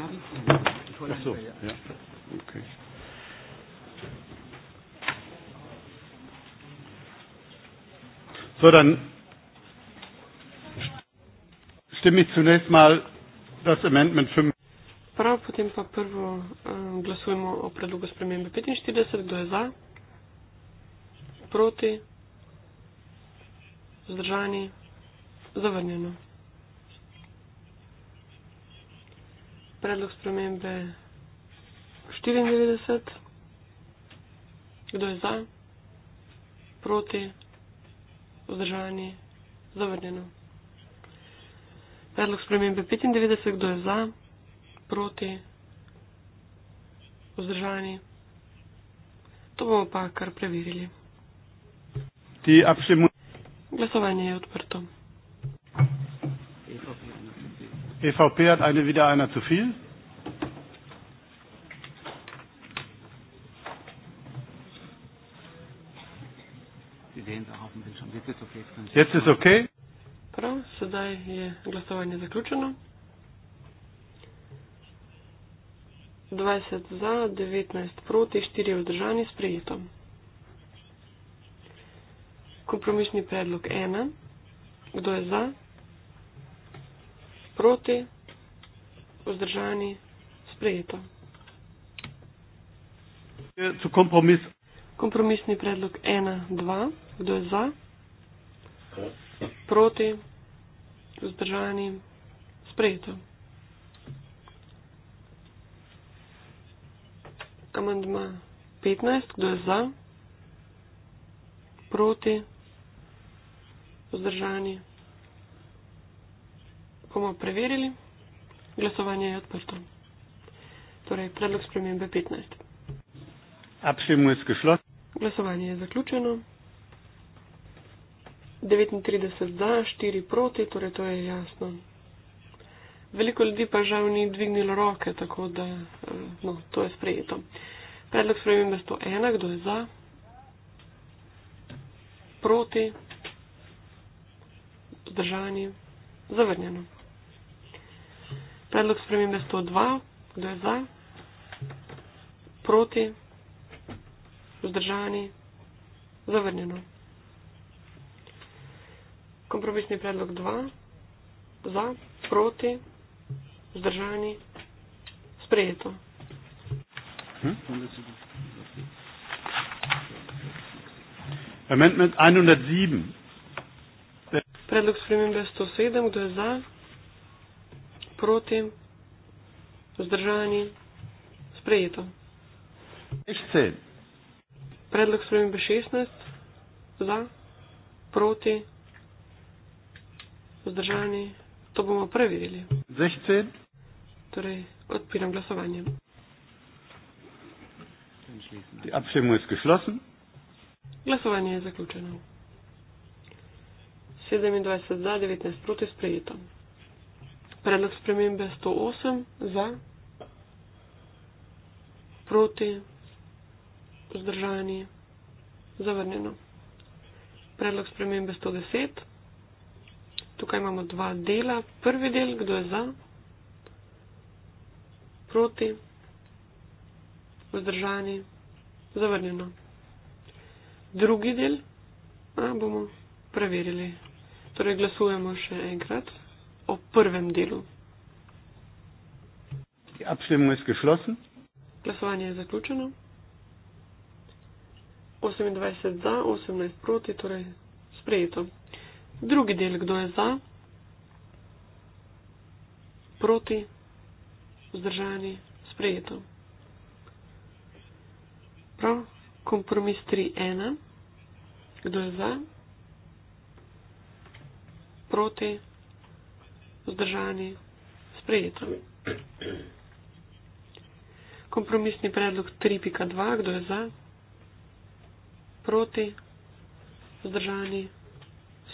Ach so, ja. Okay. So, dann stimme ich zunächst mal das Amendment 5. Prav, potem pa prvo um, glasujemo o predlogu spremembe 45. Kdo je za? Proti? Zdržani? Zavrnjeno. predlog spremembe 94. Kdo je za, proti, vzdržani, zavrnjeno. Predlog spremembe 95. Kdo je za, proti, vzdržani. To bomo pa kar preverili. Glasovanje je odprto. Je EVP hat eine wieder einer zu viel. Sie sehen es auch auf dem Bildschirm. Jetzt ist okay. Jetzt ist okay. Prav, sedaj je glasovanje zaključeno. 20 za, 19 proti, 4 vzdržani s prijetom. Kompromisni predlog 1. Kdo je za? proti, vzdržani, sprejeto. Kompromis. Kompromisni predlog 1, 2, kdo je za, proti, vzdržani, sprejeto. Kamandma 15, kdo je za, proti, vzdržani, sprejeto bomo preverili. Glasovanje je odprto. Torej, predlog spremembe 15. Absolutno je skušlo. Glasovanje je zaključeno. 39 za, 4 proti, torej to je jasno. Veliko ljudi pa žal ni dvignilo roke, tako da eh, no, to je sprejeto. Predlog spremembe 101, kdo je za? Proti? Zdržani? Zavrnjeno. Predlog spremembe 102, kdo je za, proti, vzdržani, zavrnjeno. Kompromisni predlog 2, za, proti, vzdržani, sprejeto. Hm? Amendment 107. Predlog spremembe 107, kdo je za, proti, vzdržani, sprejeto. Predlog spremembe 16, za, proti, vzdržani, to bomo preverili. Torej, odpiram glasovanje. Ja, glasovanje je zaključeno. 27 za, 19 proti sprejetom. Predlog spremembe 108 za, proti, vzdržani, zavrnjeno. Predlog spremembe 110. Tukaj imamo dva dela. Prvi del, kdo je za, proti, vzdržani, zavrnjeno. Drugi del a, bomo preverili. Torej glasujemo še enkrat o prvem delu. Abstimmung ist geschlossen. Glasovanje je zaključeno. 28 za, 18 proti, torej sprejeto. Drugi del, kdo je za, proti, vzdržani, sprejeto. Prav, kompromis 3.1. Kdo je za, proti, vzdržani vzdržani, sprejeto. Kompromisni predlog 3.2, kdo je za, proti, vzdržani,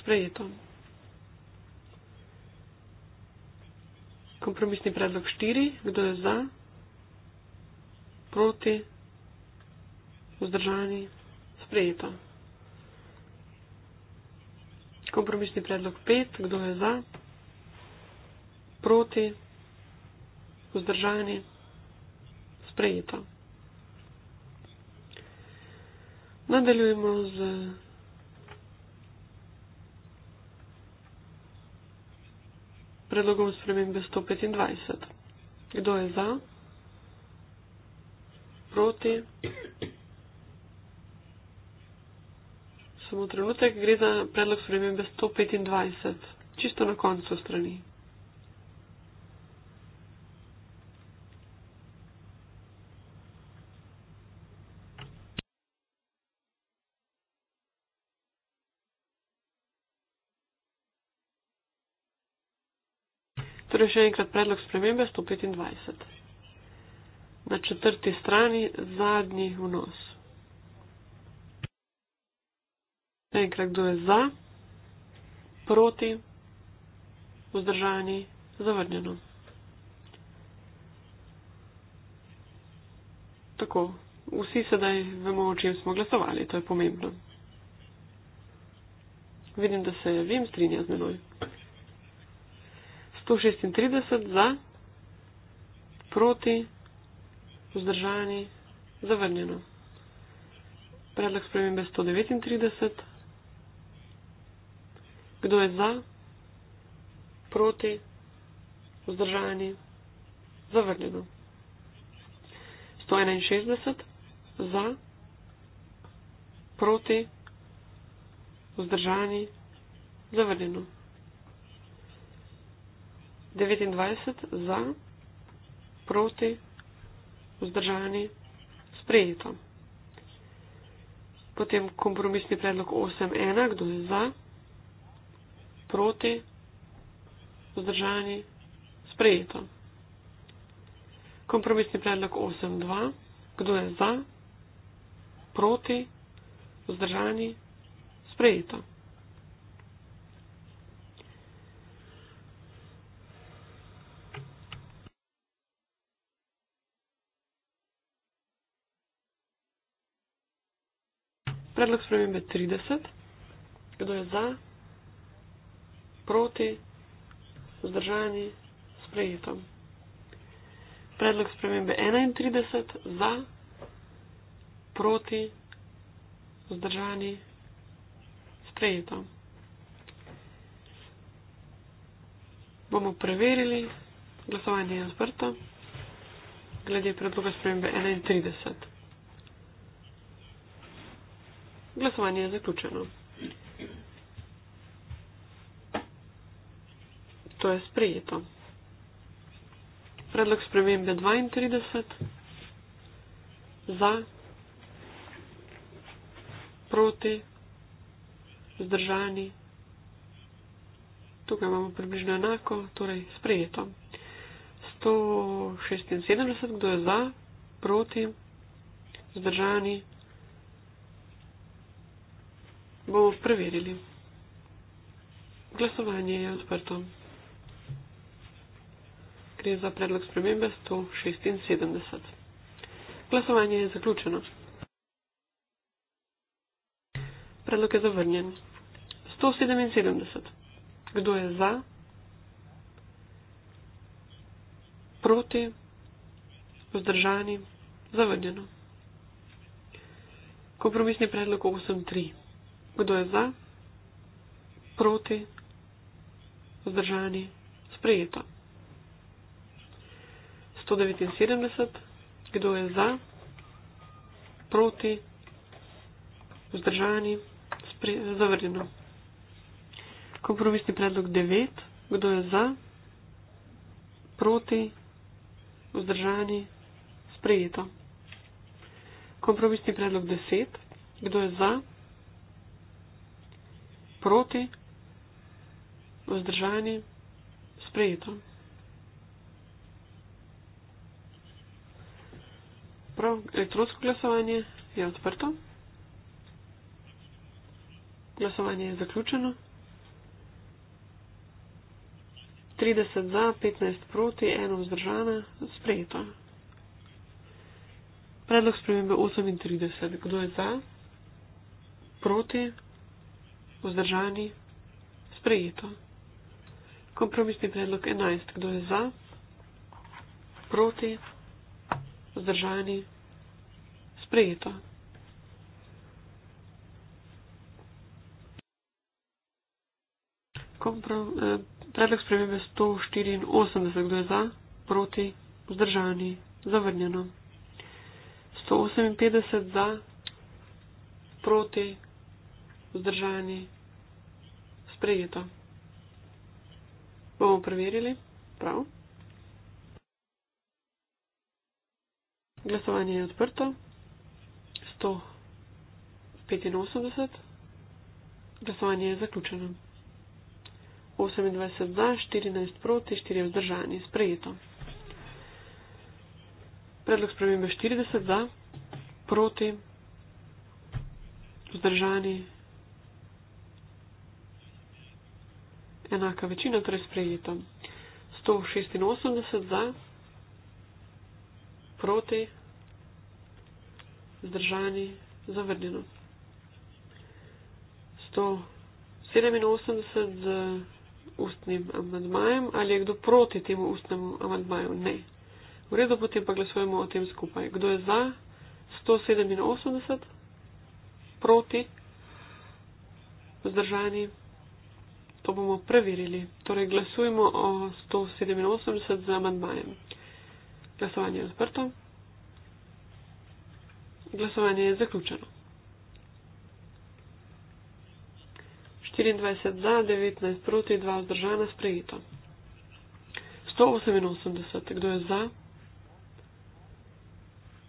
sprejeto. Kompromisni predlog 4, kdo je za, proti, vzdržani, sprejeto. Kompromisni predlog 5, kdo je za, proti proti, vzdržani, sprejeto. Nadaljujemo z predlogom spremembe 125. Kdo je za? Proti? Samo trenutek gre za predlog spremembe 125. Čisto na koncu strani. Torej še enkrat predlog spremembe 125. Na četrti strani zadnji vnos. Še enkrat, kdo je za, proti, vzdržani, zavrnjeno. Tako, vsi sedaj vemo, o čem smo glasovali, to je pomembno. Vidim, da se Vim strinja z menoj. 136 za, proti, vzdržani, zavrnjeno. Predlog spremembe 139. Kdo je za, proti, vzdržani, zavrnjeno. 161 za, proti, vzdržani, zavrnjeno. 29 za, proti, vzdržani, sprejeto. Potem kompromisni predlog 8.1, kdo je za, proti, vzdržani, sprejeto. Kompromisni predlog 8.2, kdo je za, proti, vzdržani, sprejeto. Predlog spremembe 30. Kdo je za, proti, vzdržani, sprejeto. Predlog spremembe 31. Za, proti, vzdržani, sprejeto. Bomo preverili, glasovanje je odprto, glede predloga spremembe 31. Glasovanje je zaključeno. To je sprejeto. Predlog spremembe 32 za, proti, zdržani. Tukaj imamo približno enako, torej sprejeto. 176, kdo je za, proti, zdržani. Bomo preverili. Glasovanje je odprto. Gre za predlog spremembe 176. Glasovanje je zaključeno. Predlog je zavrnjen. 177. Kdo je za? Proti? Vzdržani? Zavrnjeno. Kompromisni predlog 83 kdo je za, proti, vzdržani, sprejeto. 179, kdo je za, proti, vzdržani, zavrnjeno. Kompromisni predlog 9, kdo je za, proti, vzdržani, sprejeto. Kompromisni predlog 10, kdo je za, proti, vzdržani, sprejeto proti, vzdržani, sprejeto. Prav, elektronsko glasovanje je odprto. Glasovanje je zaključeno. 30 za, 15 proti, 1 vzdržana, sprejeto. Predlog spremembe 38. Kdo je za? Proti, vzdržani, sprejeto. Kompromisni predlog 11. Kdo je za? Proti? Vzdržani? Sprejeto. Komprom, eh, predlog spremembe 184. Kdo je za? Proti? Vzdržani? Zavrnjeno. 158 za, proti, vzdržani, Sprejeto. Bomo preverili? Prav. Glasovanje je odprto. 185. Glasovanje je zaključeno. 28 za, 14 proti, 4 vzdržani. Sprejeto. Predlog spremembe 40 za, proti, vzdržani, enaka večina, torej sprejeto. 186 za, proti, zdržani, zavrnjeno. 187 z ustnim amadmajem. Ali je kdo proti temu ustnemu amadmaju? Ne. V redu, potem pa glasujemo o tem skupaj. Kdo je za? 187 proti, zdržani, zavrnjeno pa bomo preverili. Torej, glasujemo o 187 z amandmajem. Glasovanje je odprto. Glasovanje je zaključeno. 24 za, 19 proti, 2 vzdržana, sprejeto. 188. Kdo je za?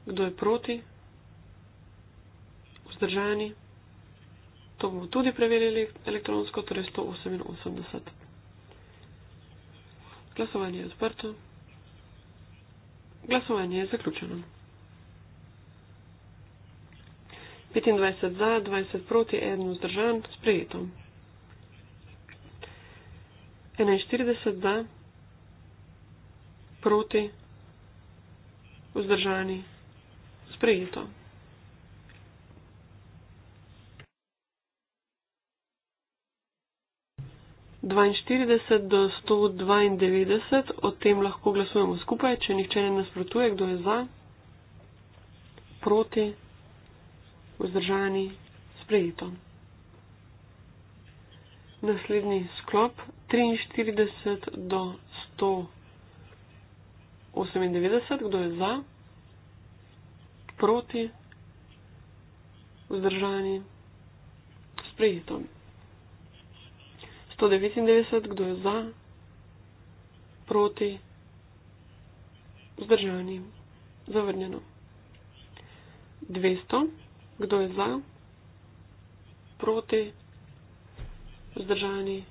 Kdo je proti? Vzdržani. To bomo tudi preverili elektronsko, torej 188. Glasovanje je odprto. Glasovanje je zaključeno. 25 za, 20 proti, 1 vzdržan, sprejeto. 41 za, proti, vzdržani, sprejeto. 42 do 192, o tem lahko glasujemo skupaj, če nihče ne nasprotuje, kdo je za, proti, vzdržani, sprejeto. Naslednji sklop 43 do 198, kdo je za, proti, vzdržani, sprejeto. 199, kdo je za, proti, vzdržani, zavrnjeno. 200, kdo je za, proti, vzdržani,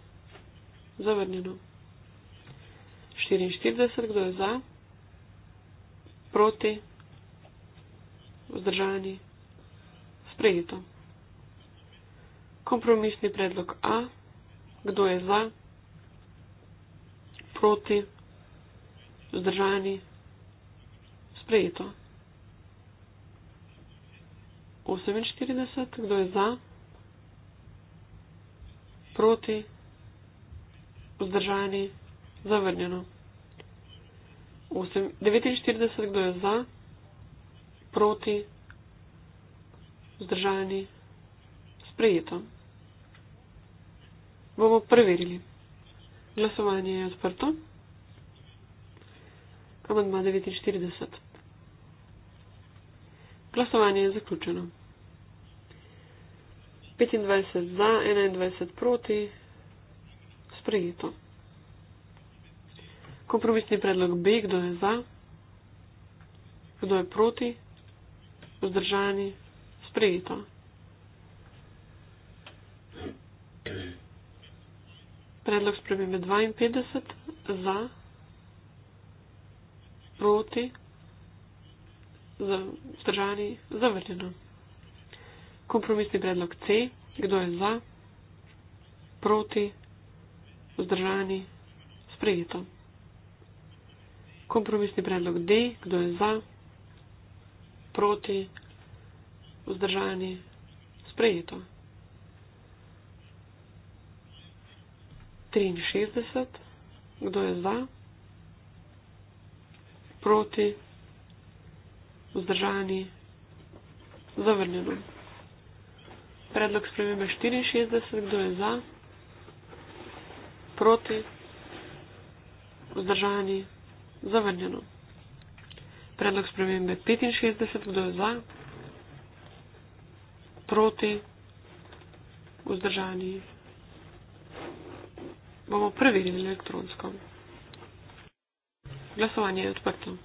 zavrnjeno. 44, kdo je za, proti, vzdržani, sprejeto. Kompromisni predlog A kdo je za, proti, vzdržani, sprejeto. 48, kdo je za, proti, vzdržani, zavrnjeno. 49, kdo je za, proti, vzdržani, sprejeto bomo preverili. Glasovanje je odprto. Amandma 49. Glasovanje je zaključeno. 25 za, 21 proti, sprejeto. Kompromisni predlog B, kdo je za, kdo je proti, vzdržani, sprejeto. Predlog spremembe 52 za, proti, vzdržani, za, zavrnjeno. Kompromisni predlog C, kdo je za, proti, vzdržani, sprejeto. Kompromisni predlog D, kdo je za, proti, vzdržani, sprejeto. 63, kdo je za, proti, vzdržani, zavrnjeno. Predlog spremembe 64, kdo je za, proti, vzdržani, zavrnjeno. Predlog spremembe 65, kdo je za, proti, vzdržani, zavrnjeno bomo preverili elektronsko. Glasovanje je odprto.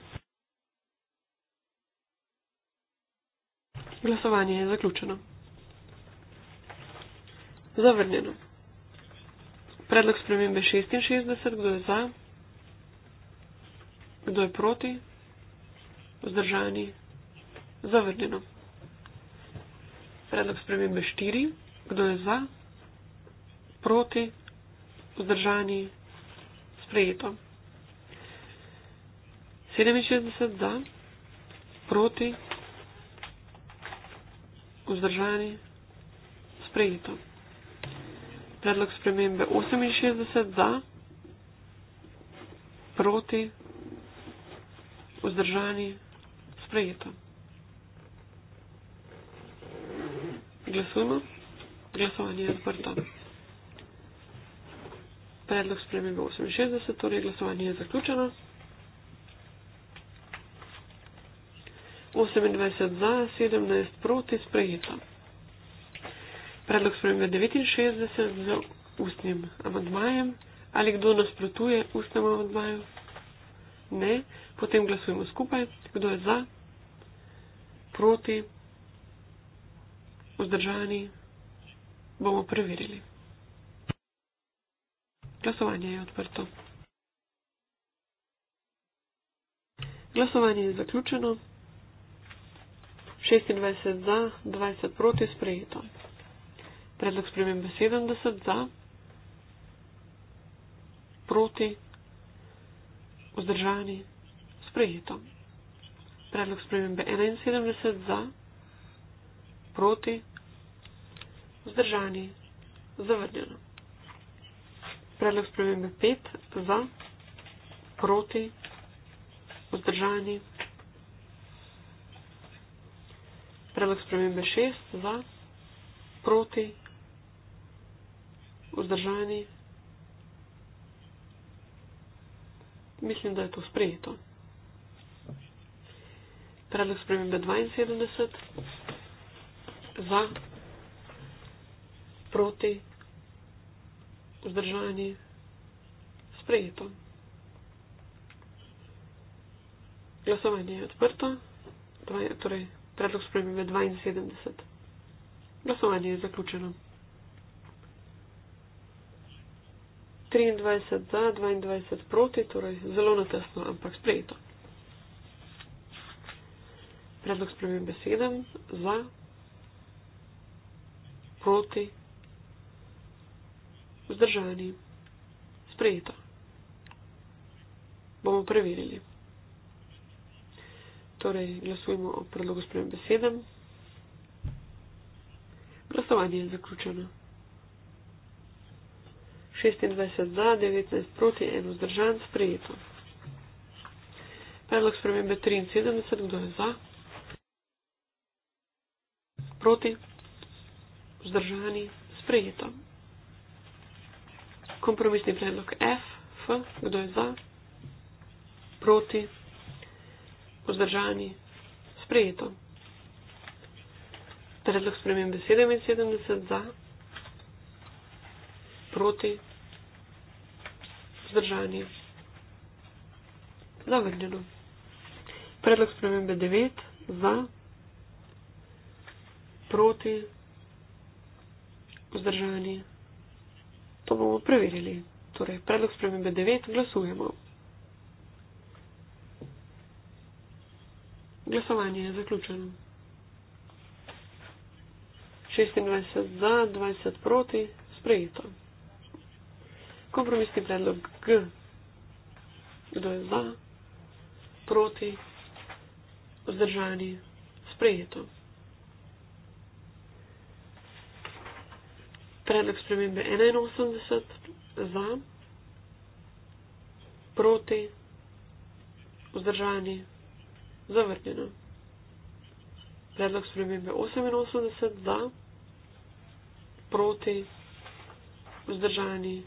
Glasovanje je zaključeno. Zavrnjeno. Predlog spremembe 66. Kdo je za? Kdo je proti? Vzdržani. Zavrnjeno. Predlog spremembe 4. Kdo je za? Proti? vzdržani, sprejeto. 67 za, proti, vzdržani, sprejeto. Predlog spremembe 68 za, proti, vzdržani, sprejeto. Glasujemo. Glasovanje je zbrto predlog spremembe 68, torej glasovanje je zaključeno. 28 za, 17 proti, sprejeto. Predlog spremembe 69 z ustnim amadmajem. Ali kdo nasprotuje ustnemu amadmaju? Ne. Potem glasujemo skupaj. Kdo je za? Proti? Vzdržani? Bomo preverili. Glasovanje je odprto. Glasovanje je zaključeno. 26 za, 20 proti sprejeto. Predlog spremembe 70 za, proti, vzdržani, sprejeto. Predlog spremembe 71 za, proti, vzdržani, zavrnjeno predlog spremembe 5 za, proti, vzdržani. Predlog spremembe 6 za, proti, vzdržani. Mislim, da je to sprejeto. Predlog spremembe 72 za, proti, vzdržani vzdržani sprejeto. Glasovanje je odprto, torej predlog spremembe 72. Glasovanje je zaključeno. 23 za, 22 proti, torej zelo natesno, ampak sprejeto. Predlog spremembe 7 za, proti, vzdržani, sprejeta. Bomo preverili. Torej, glasujemo o predlogu spremembe 7. Glasovanje je zaključeno. 26 za, 19 proti, 1 vzdržan, sprejeto. Predlog spremembe 73, kdo je za? Proti, vzdržani, sprejeto kompromisni predlog F, F, kdo je za, proti, vzdržani, sprejeto. Predlog spremembe 77 za, proti, vzdržani, zavrnjeno. Predlog spremembe 9 za, proti, vzdržani, zavrnjeno pa bomo preverili. Torej, predlog spremembe 9 glasujemo. Glasovanje je zaključeno. 26 za, 20 proti, sprejeto. Kompromisni predlog G. Kdo je za, proti, vzdržani, sprejeto. predlog spremembe 81 za, proti, vzdržani, zavrnjeno. Predlog spremembe 88 za, proti, vzdržani,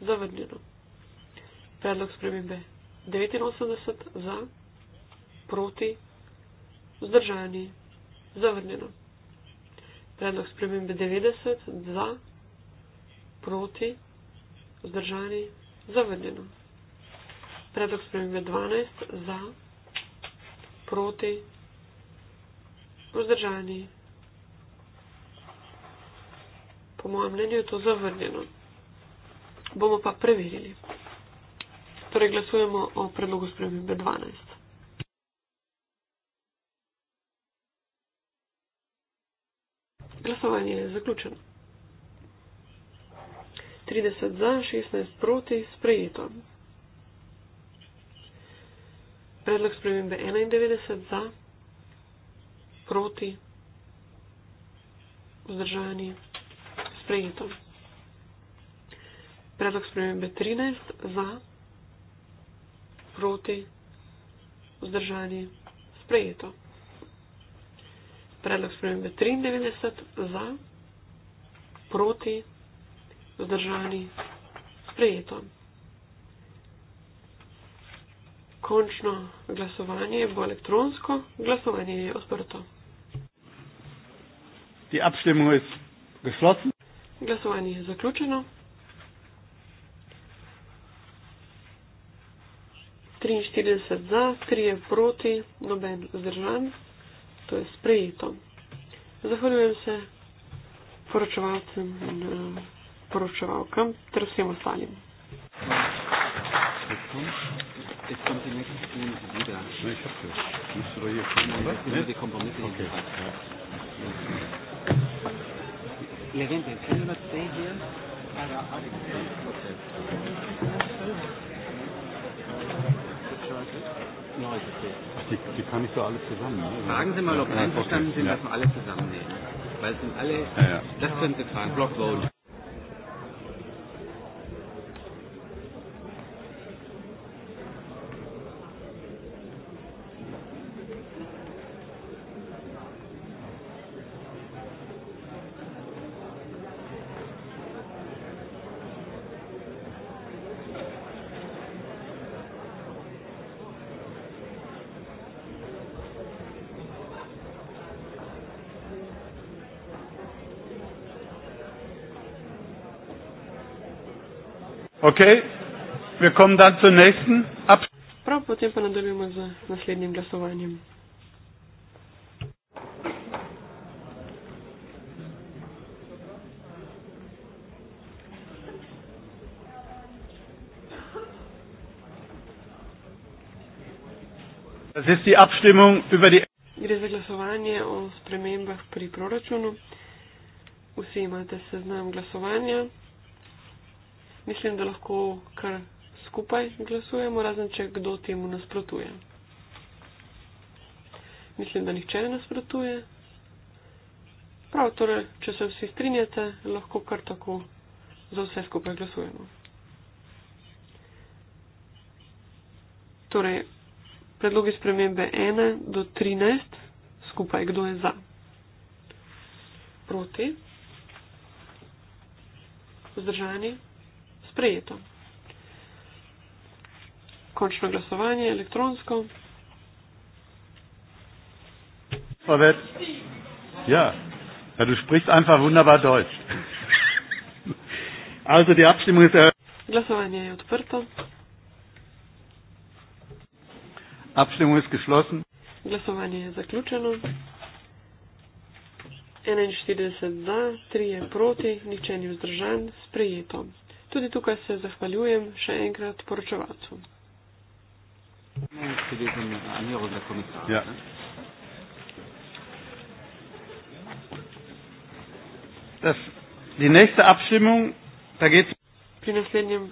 zavrnjeno. Predlog spremembe 89 za, proti, vzdržani, zavrnjeno. Predlog spremembe 90 za, proti, vzdržani, zavrnjeno proti, vzdržani, zavedeno. Predlog spremembe 12 za, proti, vzdržani. Po mojem mnenju je to zavrnjeno. Bomo pa preverili. Torej glasujemo o predlogu spremembe 12. Glasovanje je zaključeno. 30 za, 16 proti, sprejeto. Predlog spremembe 91 za, proti, vzdržani, sprejeto. Predlog spremembe 13 za, proti, vzdržani, sprejeto. Predlog spremembe 93 za, proti, vzdržani zadržani, sprejeto. Končno glasovanje bo elektronsko, glasovanje je odprto. Glasovanje je zaključeno. 43 za, 3 proti, noben zdržan, to je sprejeto. Zahvaljujem se poročevalcem in uh, poročevalkam ter vsem ostalim. Die, die kann ich so alles zusammen. Ne? Fragen Sie mal, ob ja, einverstanden sind, ja. dass wir alles zusammennehmen. Weil es sind alle, ja, ja. das können Sie fragen, Blockload. Okay. Wir kommen dann zum nächsten Abschluss. Das ist die Abstimmung über die. Gre za glasovanje o spremembah pri proračunu. Vsi imate seznam glasovanja mislim, da lahko kar skupaj glasujemo, razen če kdo temu nasprotuje. Mislim, da nihče ne nasprotuje. Prav, torej, če se vsi strinjate, lahko kar tako za vse skupaj glasujemo. Torej, predlogi spremembe 1 do 13 skupaj, kdo je za? Proti? Vzdržani? sprejeto. Končno glasovanje elektronsko. Robert. Ja, ja du sprichst einfach wunderbar Deutsch. Also die Abstimmung ist Glasovanje je odprto. Abstimmung ist geschlossen. Glasovanje je zaključeno. 41 za, 3 je proti, nihče ni vzdržan, sprejeto. Tudi tukaj se zahvaljujem še enkrat poročevalcu. Ja. Das, die nächste Abstimmung, da geht's. Pri naslednjem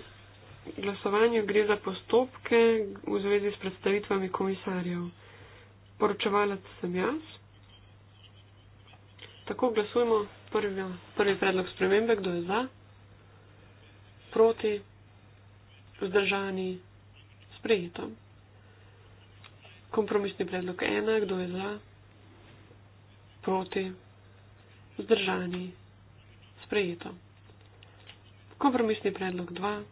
glasovanju gre za postopke v zvezi s predstavitvami komisarjev. Poročevalec sem jaz. Tako glasujemo. Prvi, prvi predlog spremembe, kdo je za? proti, vzdržani, sprejeto. Kompromisni predlog ena, kdo je za, proti, vzdržani, sprejeto. Kompromisni predlog dva,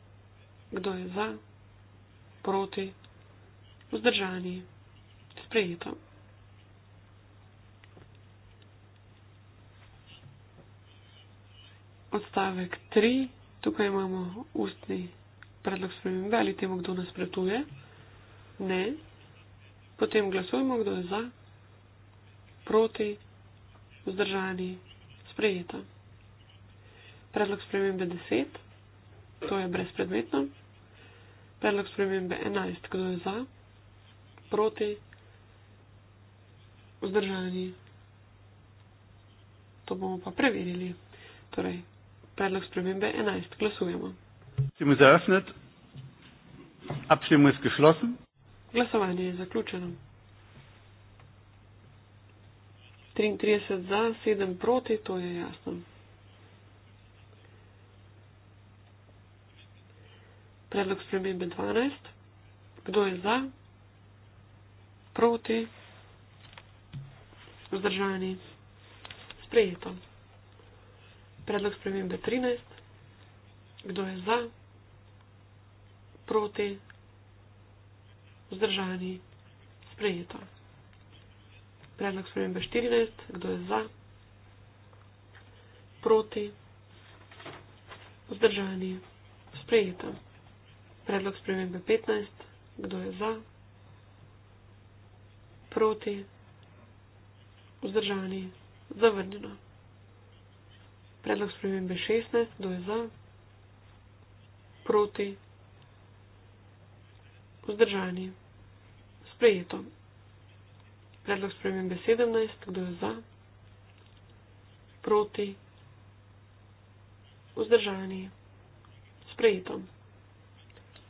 kdo je za, proti, vzdržani, sprejeto. Odstavek 3. Tukaj imamo ustni predlog spremembe ali temu, kdo nasprotuje. Ne. Potem glasujemo, kdo je za, proti, vzdržani, sprejeta. Predlog spremembe 10, to je brezpredmetno. Predlog spremembe 11, kdo je za, proti, vzdržani. To bomo pa preverili. Torej, predlog spremembe 11. Glasujemo. Glasovanje je zaključeno. 33 za, 7 proti, to je jasno. Predlog spremembe 12. Kdo je za? Proti? Vzdržani? Sprejeto predlog spremembe 13, kdo je za, proti, vzdržani, sprejeto. Predlog spremembe 14, kdo je za, proti, vzdržani, sprejeto. Predlog spremembe 15, kdo je za, proti, vzdržani, zavrnjeno. Predlog spremembe 16, kdo je za, proti, vzdržani, sprejeto. Predlog spremembe 17, kdo je za, proti, vzdržani, sprejeto.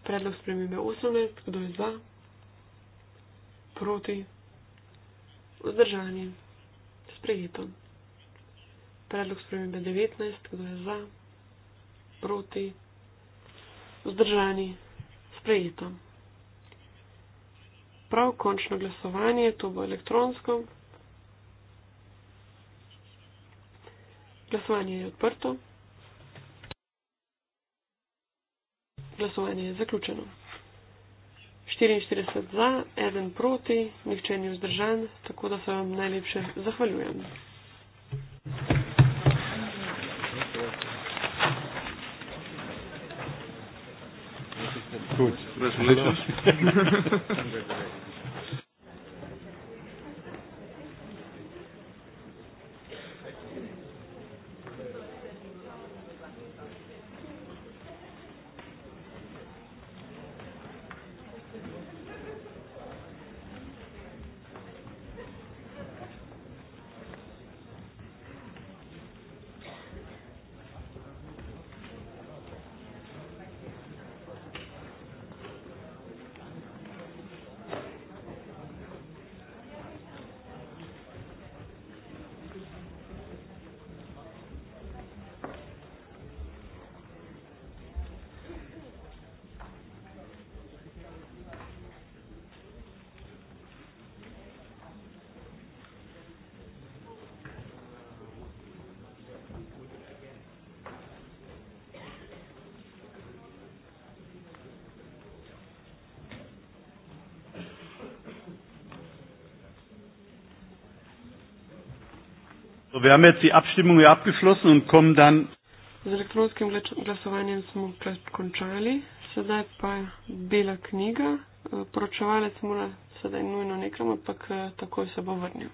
Predlog spremembe 18, kdo je za, proti, vzdržani, sprejeto. Predlog spremembe 19, kdo je za, proti, vzdržani, sprejeto. Prav končno glasovanje, to bo elektronsko. Glasovanje je odprto. Glasovanje je zaključeno. 44 za, 1 proti, nihče ni vzdržan, tako da se vam najlepše zahvaljujem. Gut. Was So, wir haben jetzt die Abstimmung hier abgeschlossen und kommen dann. Z elektronskim glasovanjem smo končali, sedaj pa je bila knjiga. Poročevalec mora sedaj nujno nekam, ampak eh, takoj se bo vrnil.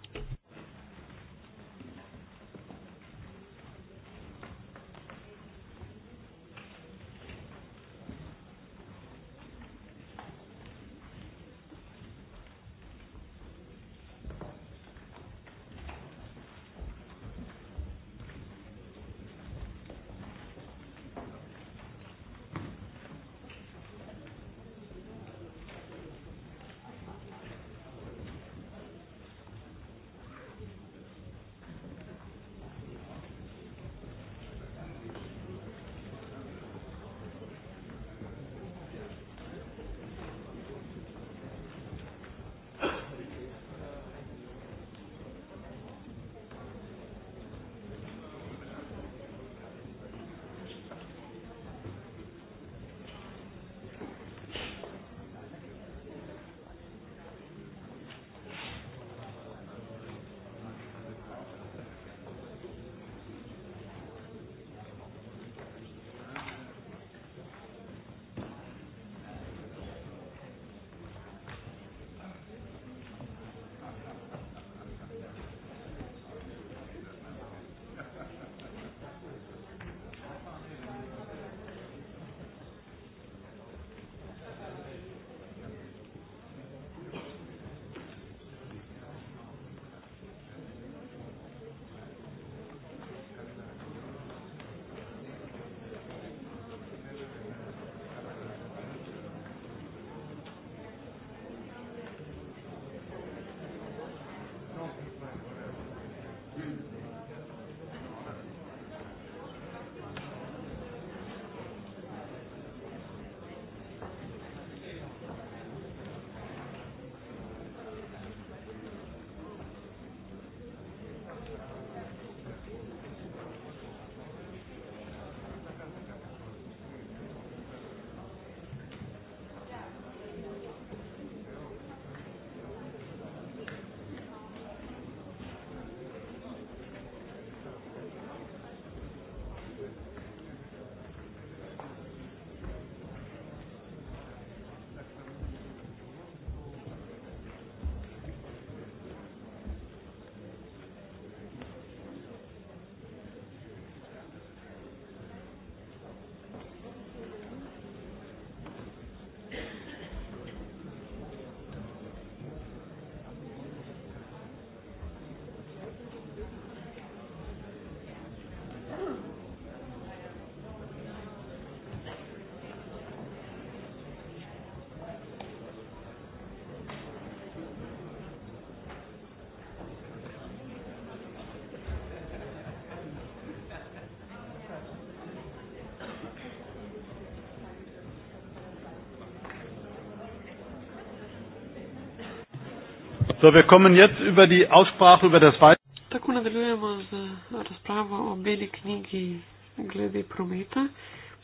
So, wir kommen jetzt über die Aussprache über das weitere. Tako nadaljujemo z razpravo o beli knjigi glede prometa.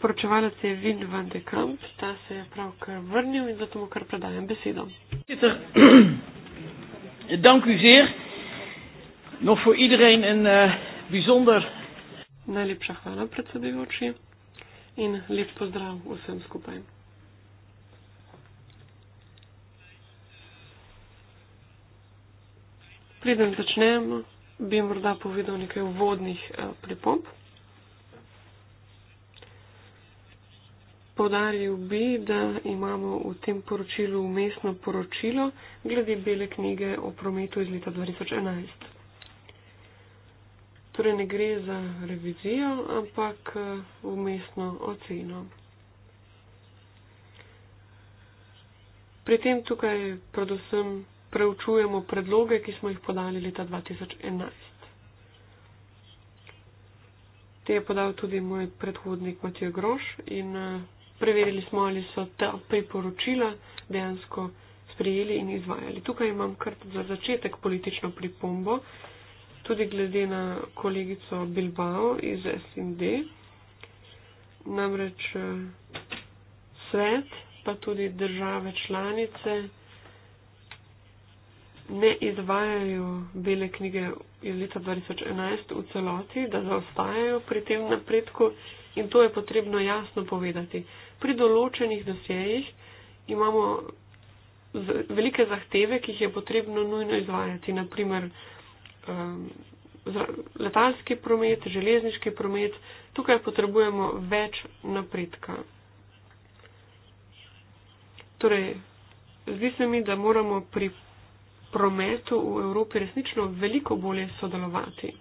Poročevalec je Vin van de Kamp, ta se je pravkar vrnil in zato mu kar predajam besedo. Dank u zeer. Nog voor iedereen een uh, bijzonder... Najlepša hvala predsedujoči in lep pozdrav vsem skupaj. Preden začnem, bi morda povedal nekaj vodnih eh, pripomb. Podaril bi, da imamo v tem poročilu umestno poročilo glede bele knjige o prometu iz leta 2011. Torej ne gre za revizijo, ampak eh, umestno oceno. Pri tem tukaj predvsem preučujemo predloge, ki smo jih podali leta 2011. Te je podal tudi moj predhodnik Matija Groš in eh, preverili smo, ali so ta priporočila dejansko sprijeli in izvajali. Tukaj imam kar za začetek politično pripombo, tudi glede na kolegico Bilbao iz SND. Namreč eh, svet, pa tudi države članice, ne izvajajo bele knjige iz leta 2011 v celoti, da zaostajajo pri tem napredku in to je potrebno jasno povedati. Pri določenih dosjejih imamo velike zahteve, ki jih je potrebno nujno izvajati, naprimer um, letalski promet, železniški promet, tukaj potrebujemo več napredka. Torej, zdi se mi, da moramo pri prometu v Evropi resnično veliko bolje sodelovati.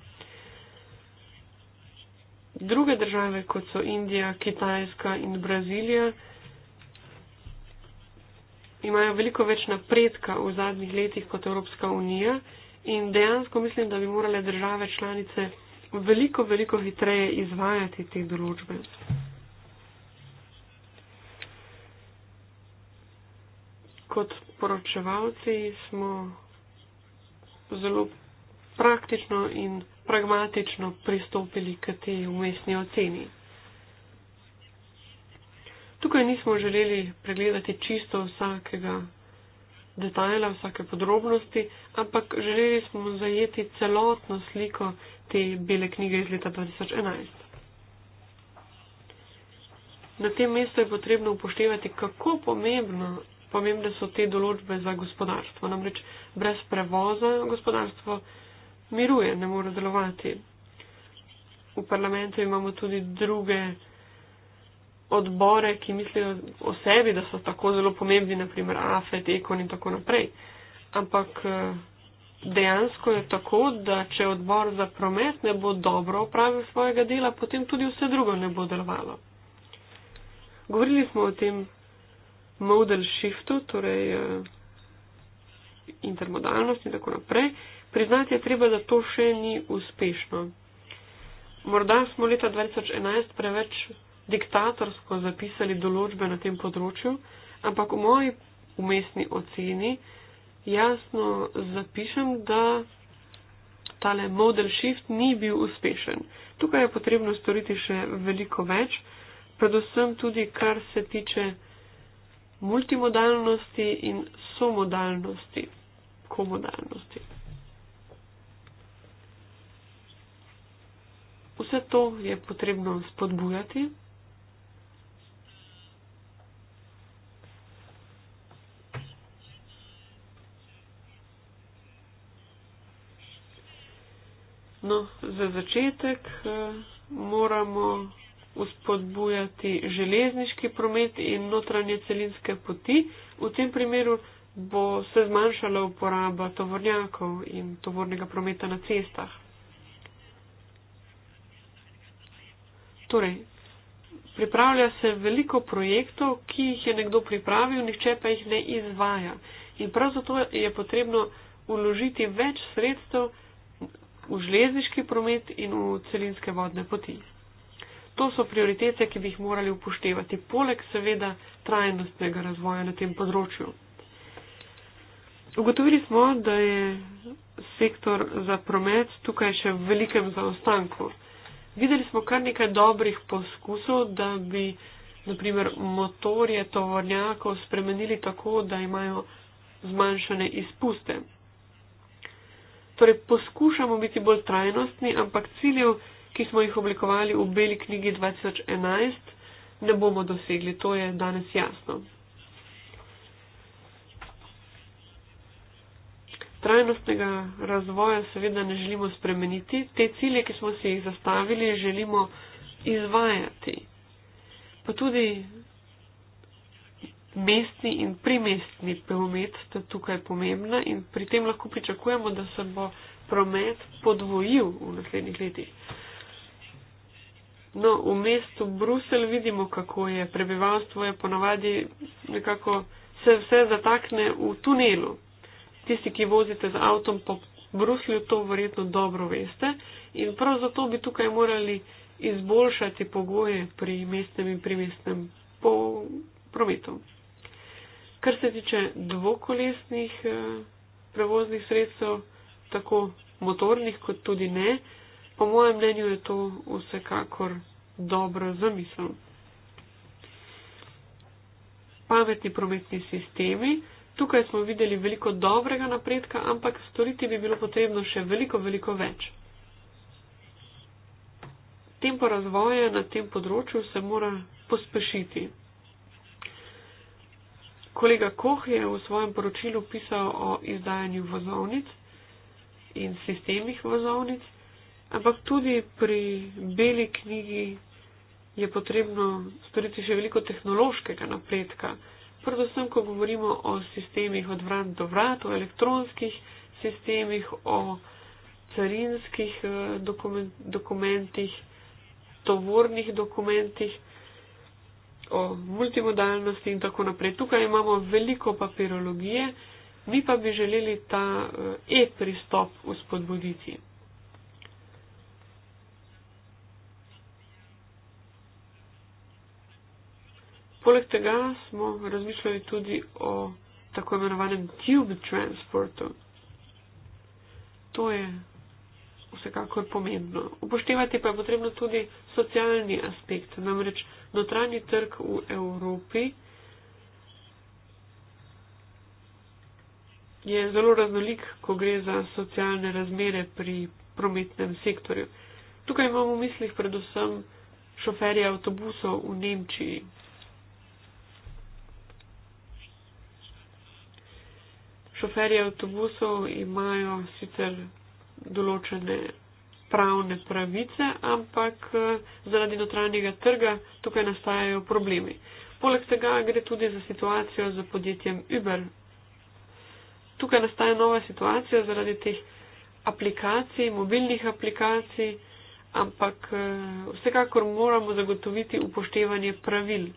Druge države, kot so Indija, Kitajska in Brazilija, imajo veliko več napredka v zadnjih letih kot Evropska unija in dejansko mislim, da bi morale države članice veliko, veliko hitreje izvajati te določbe. Kot poročevalci smo zelo praktično in pragmatično pristopili k te umestni oceni. Tukaj nismo želeli pregledati čisto vsakega detajla, vsake podrobnosti, ampak želeli smo zajeti celotno sliko te bele knjige iz leta 2011. Na tem mestu je potrebno upoštevati, kako pomembno pomembne so te določbe za gospodarstvo. Namreč brez prevoza gospodarstvo miruje, ne more delovati. V parlamentu imamo tudi druge odbore, ki mislijo o sebi, da so tako zelo pomembni, naprimer AFET, EKON in tako naprej. Ampak eh, dejansko je tako, da če odbor za promet ne bo dobro opravil svojega dela, potem tudi vse drugo ne bo delovalo. Govorili smo o tem modal shiftu, torej eh, intermodalnost in tako naprej, priznati je treba, da to še ni uspešno. Morda smo leta 2011 preveč diktatorsko zapisali določbe na tem področju, ampak v moji umestni oceni jasno zapišem, da tale model shift ni bil uspešen. Tukaj je potrebno storiti še veliko več, predvsem tudi kar se tiče multimodalnosti in somodalnosti, komodalnosti. Vse to je potrebno spodbujati. No, za začetek eh, moramo uspodbujati železniški promet in notranje celinske poti. V tem primeru bo se zmanjšala uporaba tovornjakov in tovornega prometa na cestah. Torej, pripravlja se veliko projektov, ki jih je nekdo pripravil, nihče pa jih ne izvaja. In prav zato je potrebno uložiti več sredstev v železniški promet in v celinske vodne poti. To so prioritete, ki bi jih morali upoštevati, poleg seveda trajnostnega razvoja na tem področju. Ugotovili smo, da je sektor za promet tukaj še v velikem zaostanku. Videli smo kar nekaj dobrih poskusov, da bi naprimer motorje tovornjakov spremenili tako, da imajo zmanjšane izpuste. Torej poskušamo biti bolj trajnostni, ampak ciljev ki smo jih oblikovali v beli knjigi 2011, ne bomo dosegli. To je danes jasno. Trajnostnega razvoja seveda ne želimo spremeniti. Te cilje, ki smo si jih zastavili, želimo izvajati. Pa tudi mestni in primestni promet sta tukaj pomembna in pri tem lahko pričakujemo, da se bo promet podvojil v naslednjih letih. No, v mestu Brusel vidimo, kako je. Prebivalstvo je ponavadi nekako se vse zatakne v tunelu. Tisti, ki vozite z avtom po Bruslju, to verjetno dobro veste. In prav zato bi tukaj morali izboljšati pogoje pri mestnem in primestnem po prometu. Kar se tiče dvokolesnih eh, prevoznih sredstev, tako motornih kot tudi ne, Po mojem mnenju je to vsekakor dobra zamisel. Pametni prometni sistemi. Tukaj smo videli veliko dobrega napredka, ampak storiti bi bilo potrebno še veliko, veliko več. Tempo razvoja na tem področju se mora pospešiti. Kolega Koh je v svojem poročilu pisal o izdajanju vozovnic in sistemih vozovnic. Ampak tudi pri beli knjigi je potrebno storiti še veliko tehnološkega napredka. Predvsem, ko govorimo o sistemih od vrat do vrat, o elektronskih sistemih, o carinskih eh, dokument, dokumentih, tovornih dokumentih, o multimodalnosti in tako naprej. Tukaj imamo veliko papirologije, mi pa bi želeli ta eh, e-pristop uspodbuditi. Poleg tega smo razmišljali tudi o tako imenovanem tube transportu. To je vsekakor pomembno. Upoštevati pa je potrebno tudi socialni aspekt, namreč notranji trg v Evropi je zelo raznolik, ko gre za socialne razmere pri prometnem sektorju. Tukaj imamo v mislih predvsem šoferje avtobusov v Nemčiji, Šoferje avtobusov imajo sicer določene pravne pravice, ampak eh, zaradi notranjega trga tukaj nastajajo problemi. Poleg tega gre tudi za situacijo z podjetjem Uber. Tukaj nastaja nova situacija zaradi teh aplikacij, mobilnih aplikacij, ampak eh, vsekakor moramo zagotoviti upoštevanje pravil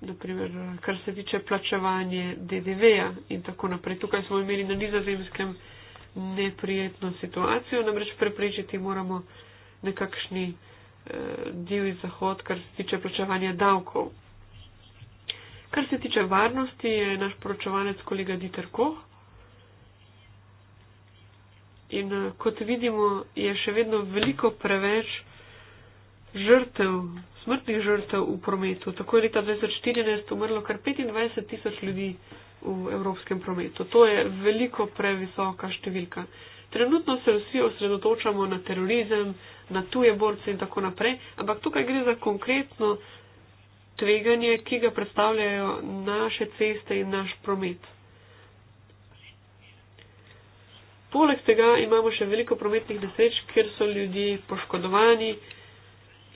naprimer, kar se tiče plačevanje DDV-ja in tako naprej. Tukaj smo imeli na nizozemskem neprijetno situacijo, namreč preprečiti moramo nekakšni eh, divji zahod, kar se tiče plačevanja davkov. Kar se tiče varnosti, je naš poročevalec kolega Dieter Koh. In eh, kot vidimo, je še vedno veliko preveč žrtev smrtnih žrtev v prometu. Tako je leta 2014 umrlo kar 25 tisoč ljudi v evropskem prometu. To je veliko previsoka številka. Trenutno se vsi osredotočamo na terorizem, na tuje borce in tako naprej, ampak tukaj gre za konkretno tveganje, ki ga predstavljajo naše ceste in naš promet. Poleg tega imamo še veliko prometnih nesreč, kjer so ljudje poškodovani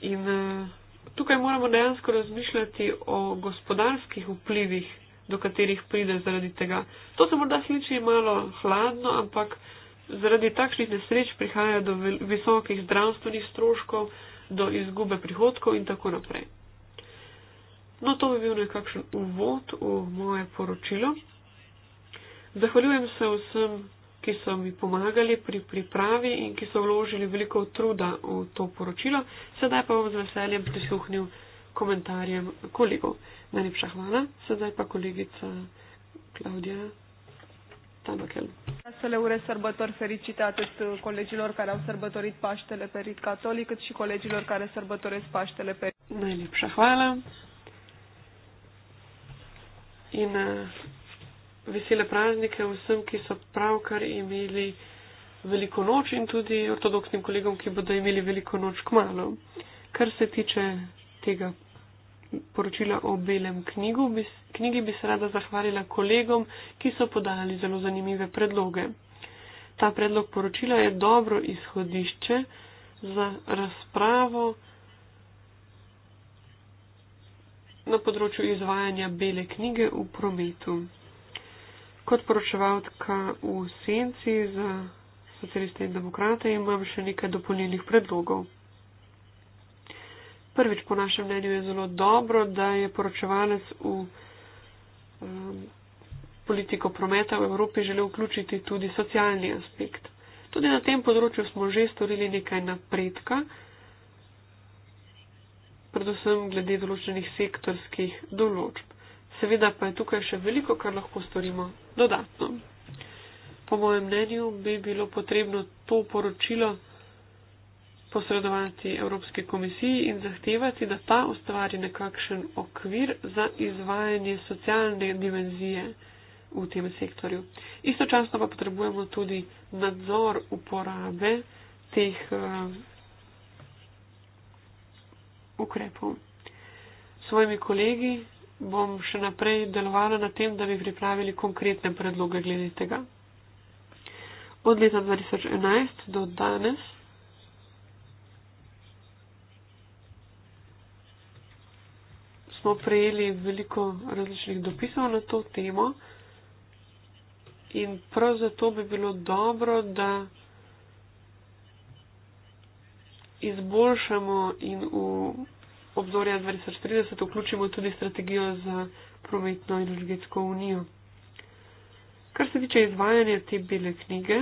in eh, tukaj moramo dejansko razmišljati o gospodarskih vplivih, do katerih pride zaradi tega. To se morda sliči malo hladno, ampak zaradi takšnih nesreč prihaja do visokih zdravstvenih stroškov, do izgube prihodkov in tako naprej. No, to bi bil nekakšen uvod v moje poročilo. Zahvaljujem se vsem ki so mi pomagali pri pripravi in ki so vložili veliko truda v to poročilo. Sedaj pa bom z veseljem prisluhnil komentarjem kolegov. Najlepša hvala. Sedaj pa kolegica Klaudija Tabakel. Să le urez sărbători fericite atât colegilor care au sărbătorit Paștele pe rit catolic, cât și colegilor care sărbătoresc Paștele pe rit. Najlepša hvala. In uh vesele praznike vsem, ki so pravkar imeli veliko noč in tudi ortodoksnim kolegom, ki bodo imeli veliko noč kmalo. Kar se tiče tega poročila o belem knjigu, bi, knjigi bi se rada zahvalila kolegom, ki so podali zelo zanimive predloge. Ta predlog poročila je dobro izhodišče za razpravo na področju izvajanja bele knjige v prometu. Kot poročevalka v senci za socialiste in demokrate imam še nekaj dopolnilnih predlogov. Prvič, po našem mnenju je zelo dobro, da je poročevalec v um, politiko prometa v Evropi želel vključiti tudi socialni aspekt. Tudi na tem področju smo že storili nekaj napredka, predvsem glede določenih sektorskih določb. Seveda pa je tukaj še veliko, kar lahko storimo dodatno. Po mojem mnenju bi bilo potrebno to poročilo posredovati Evropski komisiji in zahtevati, da ta ustvari nekakšen okvir za izvajanje socialne dimenzije v tem sektorju. Istočasno pa potrebujemo tudi nadzor uporabe teh uh, ukrepov. S svojimi kolegi bom še naprej delovala na tem, da bi pripravili konkretne predloge glede tega. Od leta 2011 do danes smo prejeli veliko različnih dopisov na to temo in prav zato bi bilo dobro, da izboljšamo in v obzorja 2030 vključimo tudi strategijo za prometno in energetsko unijo. Kar se tiče izvajanja te bele knjige,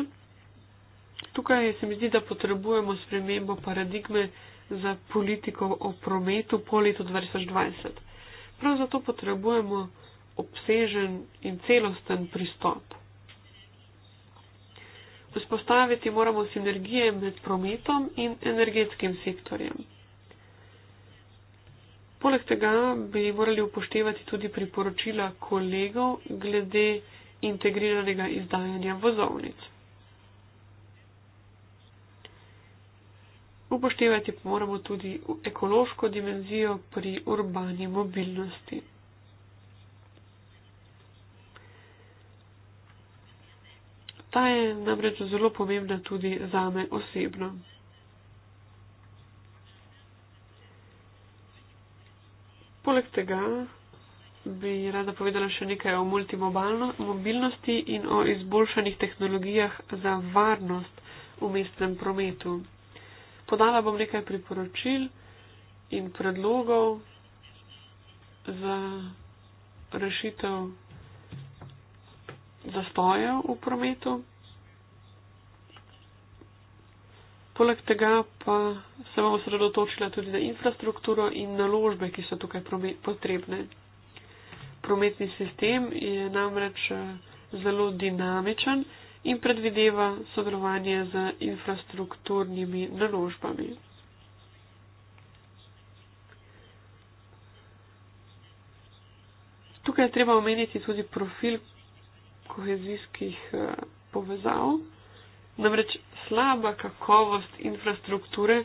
tukaj se mi zdi, da potrebujemo spremembo paradigme za politiko o prometu po letu 2020. Prav zato potrebujemo obsežen in celosten pristop. Vzpostaviti moramo sinergije med prometom in energetskim sektorjem. Poleg tega bi morali upoštevati tudi priporočila kolegov glede integriranega izdajanja vozovnic. Upoštevati pa moramo tudi ekološko dimenzijo pri urbani mobilnosti. Ta je namreč zelo pomembna tudi zame osebno. Poleg tega bi rada povedala še nekaj o multimobilnosti in o izboljšanih tehnologijah za varnost v mestnem prometu. Podala bom nekaj priporočil in predlogov za rešitev zastojev v prometu. Poleg tega pa se bom osredotočila tudi na infrastrukturo in naložbe, ki so tukaj potrebne. Prometni sistem je namreč eh, zelo dinamičen in predvideva sodelovanje z infrastrukturnimi naložbami. Tukaj je treba omeniti tudi profil kohezijskih eh, povezav, Namreč slaba kakovost infrastrukture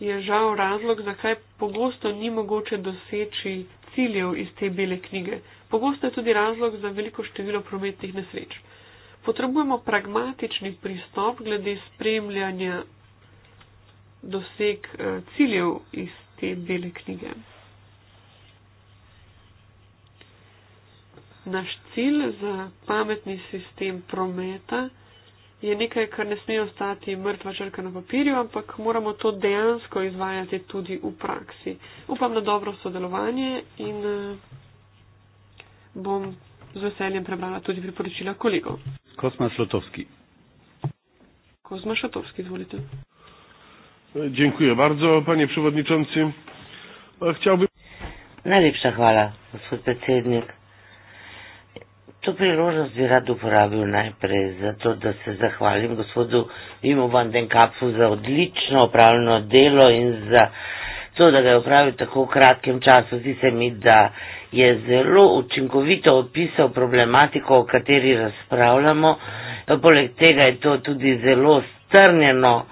je žal razlog, zakaj pogosto ni mogoče doseči ciljev iz te bele knjige. Pogosto je tudi razlog za veliko število prometnih nesreč. Potrebujemo pragmatični pristop glede spremljanja doseg eh, ciljev iz te bele knjige. Naš cilj za pametni sistem prometa je nekaj, kar ne sme ostati mrtva črka na papirju, ampak moramo to dejansko izvajati tudi v praksi. Upam na dobro sodelovanje in eh, bom z veseljem prebrala tudi priporočila kolegov. Kosma Šlotovski. Kosma Šlotovski, izvolite. Dziękuję bardzo, panie przewodniczący. Chciałbym. Najlepsza chwała, gospod przewodnik. To priložnost bi rad uporabil najprej, zato da se zahvalim gospodu Vimu Vandenkapu za odlično opravljeno delo in za to, da ga je opravil tako v kratkem času. Zdi se mi, da je zelo učinkovito opisal problematiko, o kateri razpravljamo. Poleg tega je to tudi zelo strnjeno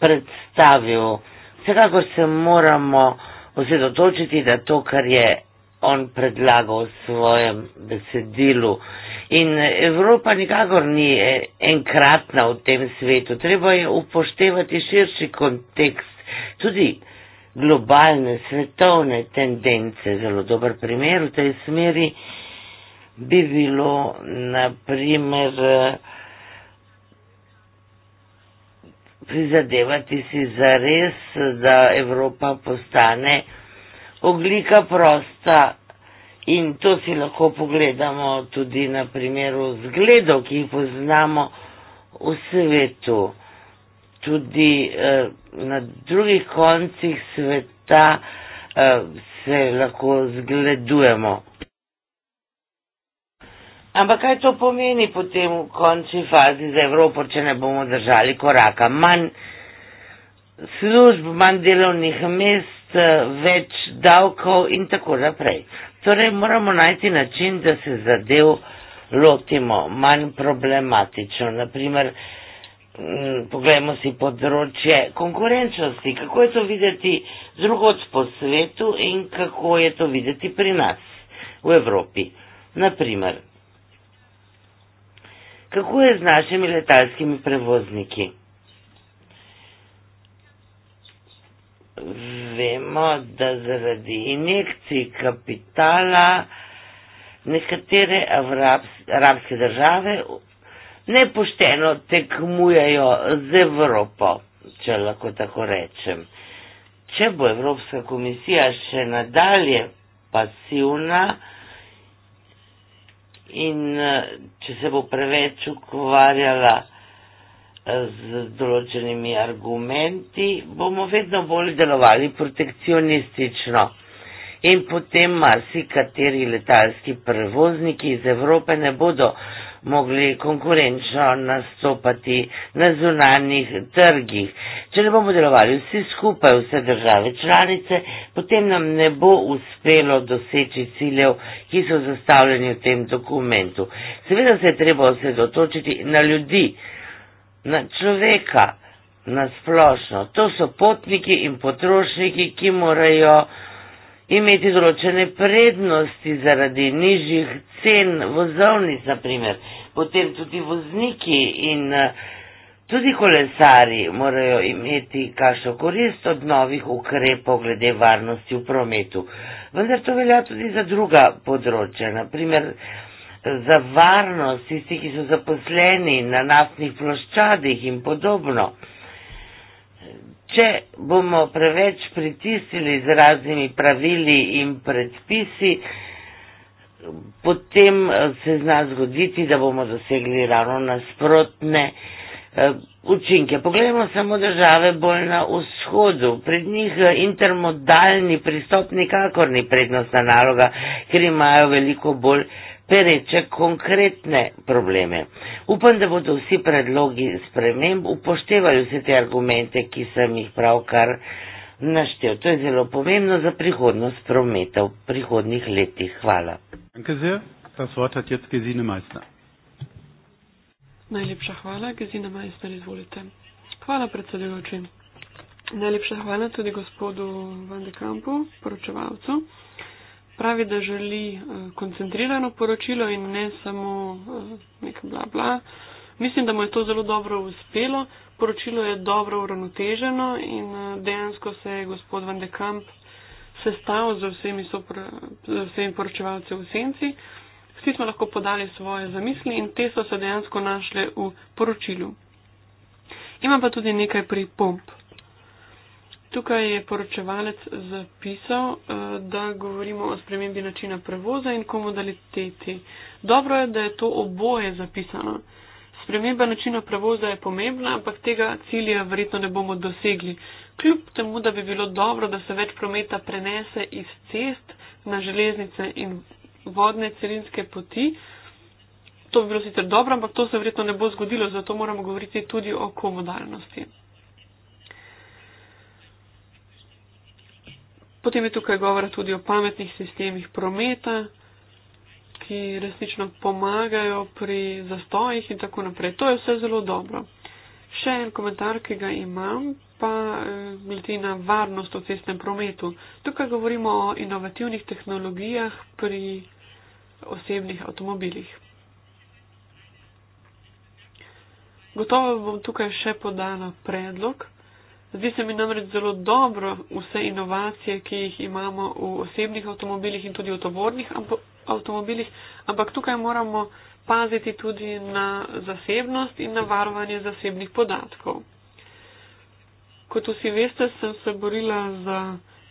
predstavil. Vsekakor se moramo osredotočiti, da to, kar je on predlagal v svojem besedilu. In Evropa nikakor ni e, enkratna v tem svetu, treba je upoštevati širši kontekst, tudi globalne, svetovne tendence. Zelo dober primer v tej smeri bi bilo naprimer e, prizadevati si za res, da Evropa postane oglika prosta in to si lahko pogledamo tudi na primeru zgledov, ki jih poznamo v svetu. Tudi eh, na drugih koncih sveta eh, se lahko zgledujemo. Ampak kaj to pomeni potem v končni fazi za Evropo, če ne bomo držali koraka? Manj služb, manj delovnih mest, Eh, več davkov in tako naprej. Torej moramo najti način, da se zadev lotimo manj problematično. Naprimer, mm, Poglejmo si področje konkurenčnosti, kako je to videti drugot po svetu in kako je to videti pri nas v Evropi. Naprimer, kako je z našimi letalskimi prevozniki? vemo, da zaradi injekcij kapitala nekatere arabske države nepošteno tekmujejo z Evropo, če lahko tako rečem. Če bo Evropska komisija še nadalje pasivna in eh, če se bo preveč ukvarjala, z določenimi argumenti, bomo vedno bolj delovali protekcionistično. In potem marsikateri letalski prevozniki iz Evrope ne bodo mogli konkurenčno nastopati na zunanjih trgih. Če ne bomo delovali vsi skupaj, vse države članice, potem nam ne bo uspelo doseči ciljev, ki so zastavljeni v tem dokumentu. Seveda se je treba osredotočiti na ljudi, na človeka na splošno. To so potniki in potrošniki, ki morajo imeti določene prednosti zaradi nižjih cen vozovnic, naprimer. Potem tudi vozniki in eh, tudi kolesari morajo imeti kakšno korist od novih ukrepov glede varnosti v prometu. Vendar to velja tudi za druga področja, naprimer za varnost tistih, ki so zaposleni na naftnih ploščadih in podobno. Če bomo preveč pritisnili z raznimi pravili in predpisi, potem eh, se zna zgoditi, da bomo dosegli ravno nasprotne eh, učinke. Poglejmo samo države bolj na vzhodu. Pred njih eh, intermodalni pristop nikakor ni prednostna naloga, ker imajo veliko bolj pereče konkretne probleme. Upam, da bodo vsi predlogi sprememb upoštevali vse te argumente, ki sem jih pravkar naštel. To je zelo pomembno za prihodnost prometa v prihodnih letih. Hvala. Najlepša hvala, Gezina Majster, izvolite. Hvala, predsedujoči. Najlepša hvala tudi gospodu Van de Kampu, poročevalcu pravi, da želi eh, koncentrirano poročilo in ne samo eh, nek bla bla. Mislim, da mu je to zelo dobro uspelo. Poročilo je dobro uravnoteženo in eh, dejansko se je gospod Van de Kamp sestavil z vsemi, vsemi poročevalci v senci. Vsi smo lahko podali svoje zamisli in te so se dejansko našle v poročilu. Imam pa tudi nekaj pripomp. Tukaj je poročevalec zapisal, eh, da govorimo o spremembi načina prevoza in komodaliteti. Dobro je, da je to oboje zapisano. Sprememba načina prevoza je pomembna, ampak tega cilja verjetno ne bomo dosegli. Kljub temu, da bi bilo dobro, da se več prometa prenese iz cest na železnice in vodne celinske poti, to bi bilo sicer dobro, ampak to se verjetno ne bo zgodilo, zato moramo govoriti tudi o komodalnosti. Potem je tukaj govora tudi o pametnih sistemih prometa, ki resnično pomagajo pri zastojih in tako naprej. To je vse zelo dobro. Še en komentar, ki ga imam, pa eh, glede na varnost v cestnem prometu. Tukaj govorimo o inovativnih tehnologijah pri osebnih avtomobilih. Gotovo bom tukaj še podala predlog, Zdi se mi namreč zelo dobro vse inovacije, ki jih imamo v osebnih avtomobilih in tudi v tovornih avtomobilih, ampak tukaj moramo paziti tudi na zasebnost in na varovanje zasebnih podatkov. Kot vsi veste, sem se borila za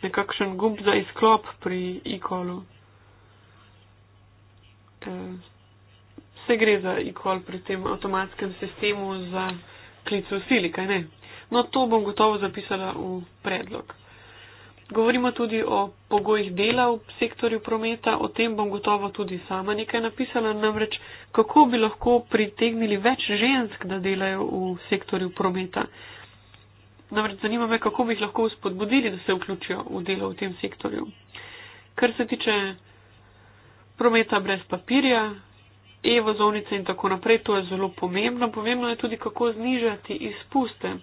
nekakšen gumb za izklop pri e-kolu. Vse e, gre za e-kol pri tem avtomatskem sistemu za klic v sili, kaj ne? No, to bom gotovo zapisala v predlog. Govorimo tudi o pogojih dela v sektorju prometa, o tem bom gotovo tudi sama nekaj napisala, namreč kako bi lahko pritegnili več žensk, da delajo v sektorju prometa. Namreč zanima me, kako bi jih lahko spodbudili, da se vključijo v delo v tem sektorju. Kar se tiče prometa brez papirja, e-vozovnice in tako naprej, to je zelo pomembno. Pomembno je tudi, kako znižati izpuste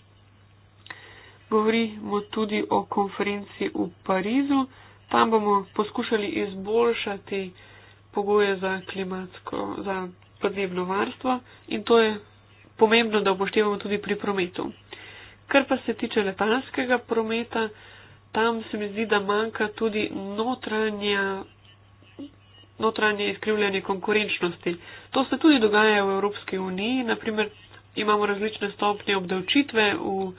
govorimo tudi o konferenci v Parizu. Tam bomo poskušali izboljšati pogoje za klimatsko, za podnebno varstvo in to je pomembno, da upoštevamo tudi pri prometu. Kar pa se tiče letalskega prometa, tam se mi zdi, da manjka tudi notranja, notranje izkrivljanje konkurenčnosti. To se tudi dogaja v Evropski uniji, naprimer imamo različne stopnje obdavčitve v Evropski uniji.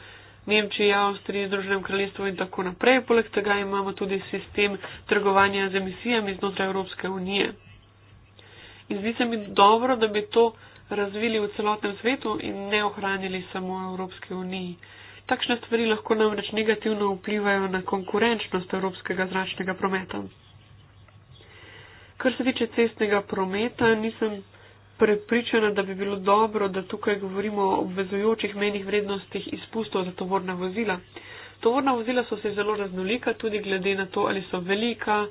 Nemčiji, Avstriji, Združenem kraljestvu in tako naprej. Poleg tega imamo tudi sistem trgovanja z emisijami znotraj Evropske unije. In zdi se mi dobro, da bi to razvili v celotnem svetu in ne ohranili samo v Evropske uniji. Takšne stvari lahko namreč negativno vplivajo na konkurenčnost evropskega zračnega prometa. Kar se tiče cestnega prometa, nisem prepričana, da bi bilo dobro, da tukaj govorimo o obvezujočih menjih vrednostih izpustov za tovorna vozila. Tovorna vozila so se zelo raznolika, tudi glede na to, ali so velika,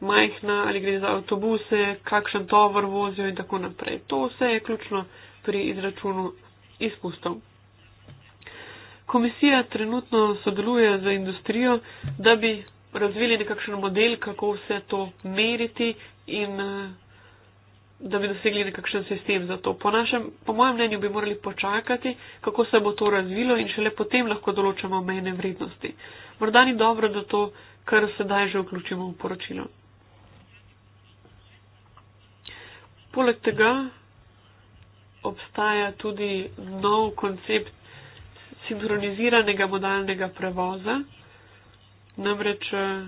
majhna, ali gre za avtobuse, kakšen tovor vozijo in tako naprej. To vse je ključno pri izračunu izpustov. Komisija trenutno sodeluje z industrijo, da bi razvili nekakšen model, kako vse to meriti in eh, da bi dosegli nekakšen sistem za to. Po, našem, po mojem mnenju bi morali počakati, kako se bo to razvilo in šele potem lahko določamo mejne vrednosti. Morda ni dobro, da to kar sedaj že vključimo v poročilo. Poleg tega obstaja tudi nov koncept sinhroniziranega modalnega prevoza. Namreč eh,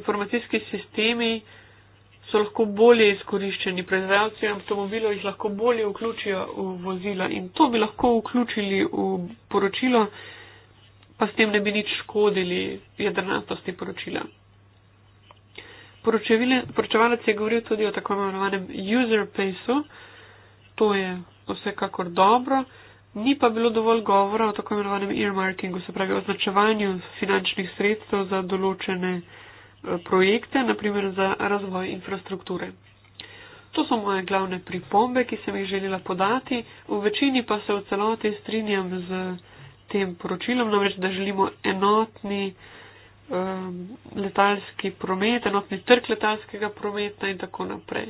informacijski sistemi so lahko bolje izkoriščeni, predvajalci avtomobilov jih lahko bolje vključijo v vozila in to bi lahko vključili v poročilo, pa s tem ne bi nič škodili jedrnatosti poročila. Poročevalec je govoril tudi o tako imenovanem user pace-u, to je vsekakor dobro, ni pa bilo dovolj govora o tako imenovanem earmarkingu, se pravi označevanju finančnih sredstev za določene. Eh, projekte, naprimer za razvoj infrastrukture. To so moje glavne pripombe, ki sem jih želela podati. V večini pa se v celoti strinjam z tem poročilom, namreč, da želimo enotni um, letalski promet, enotni trg letalskega prometa in tako naprej.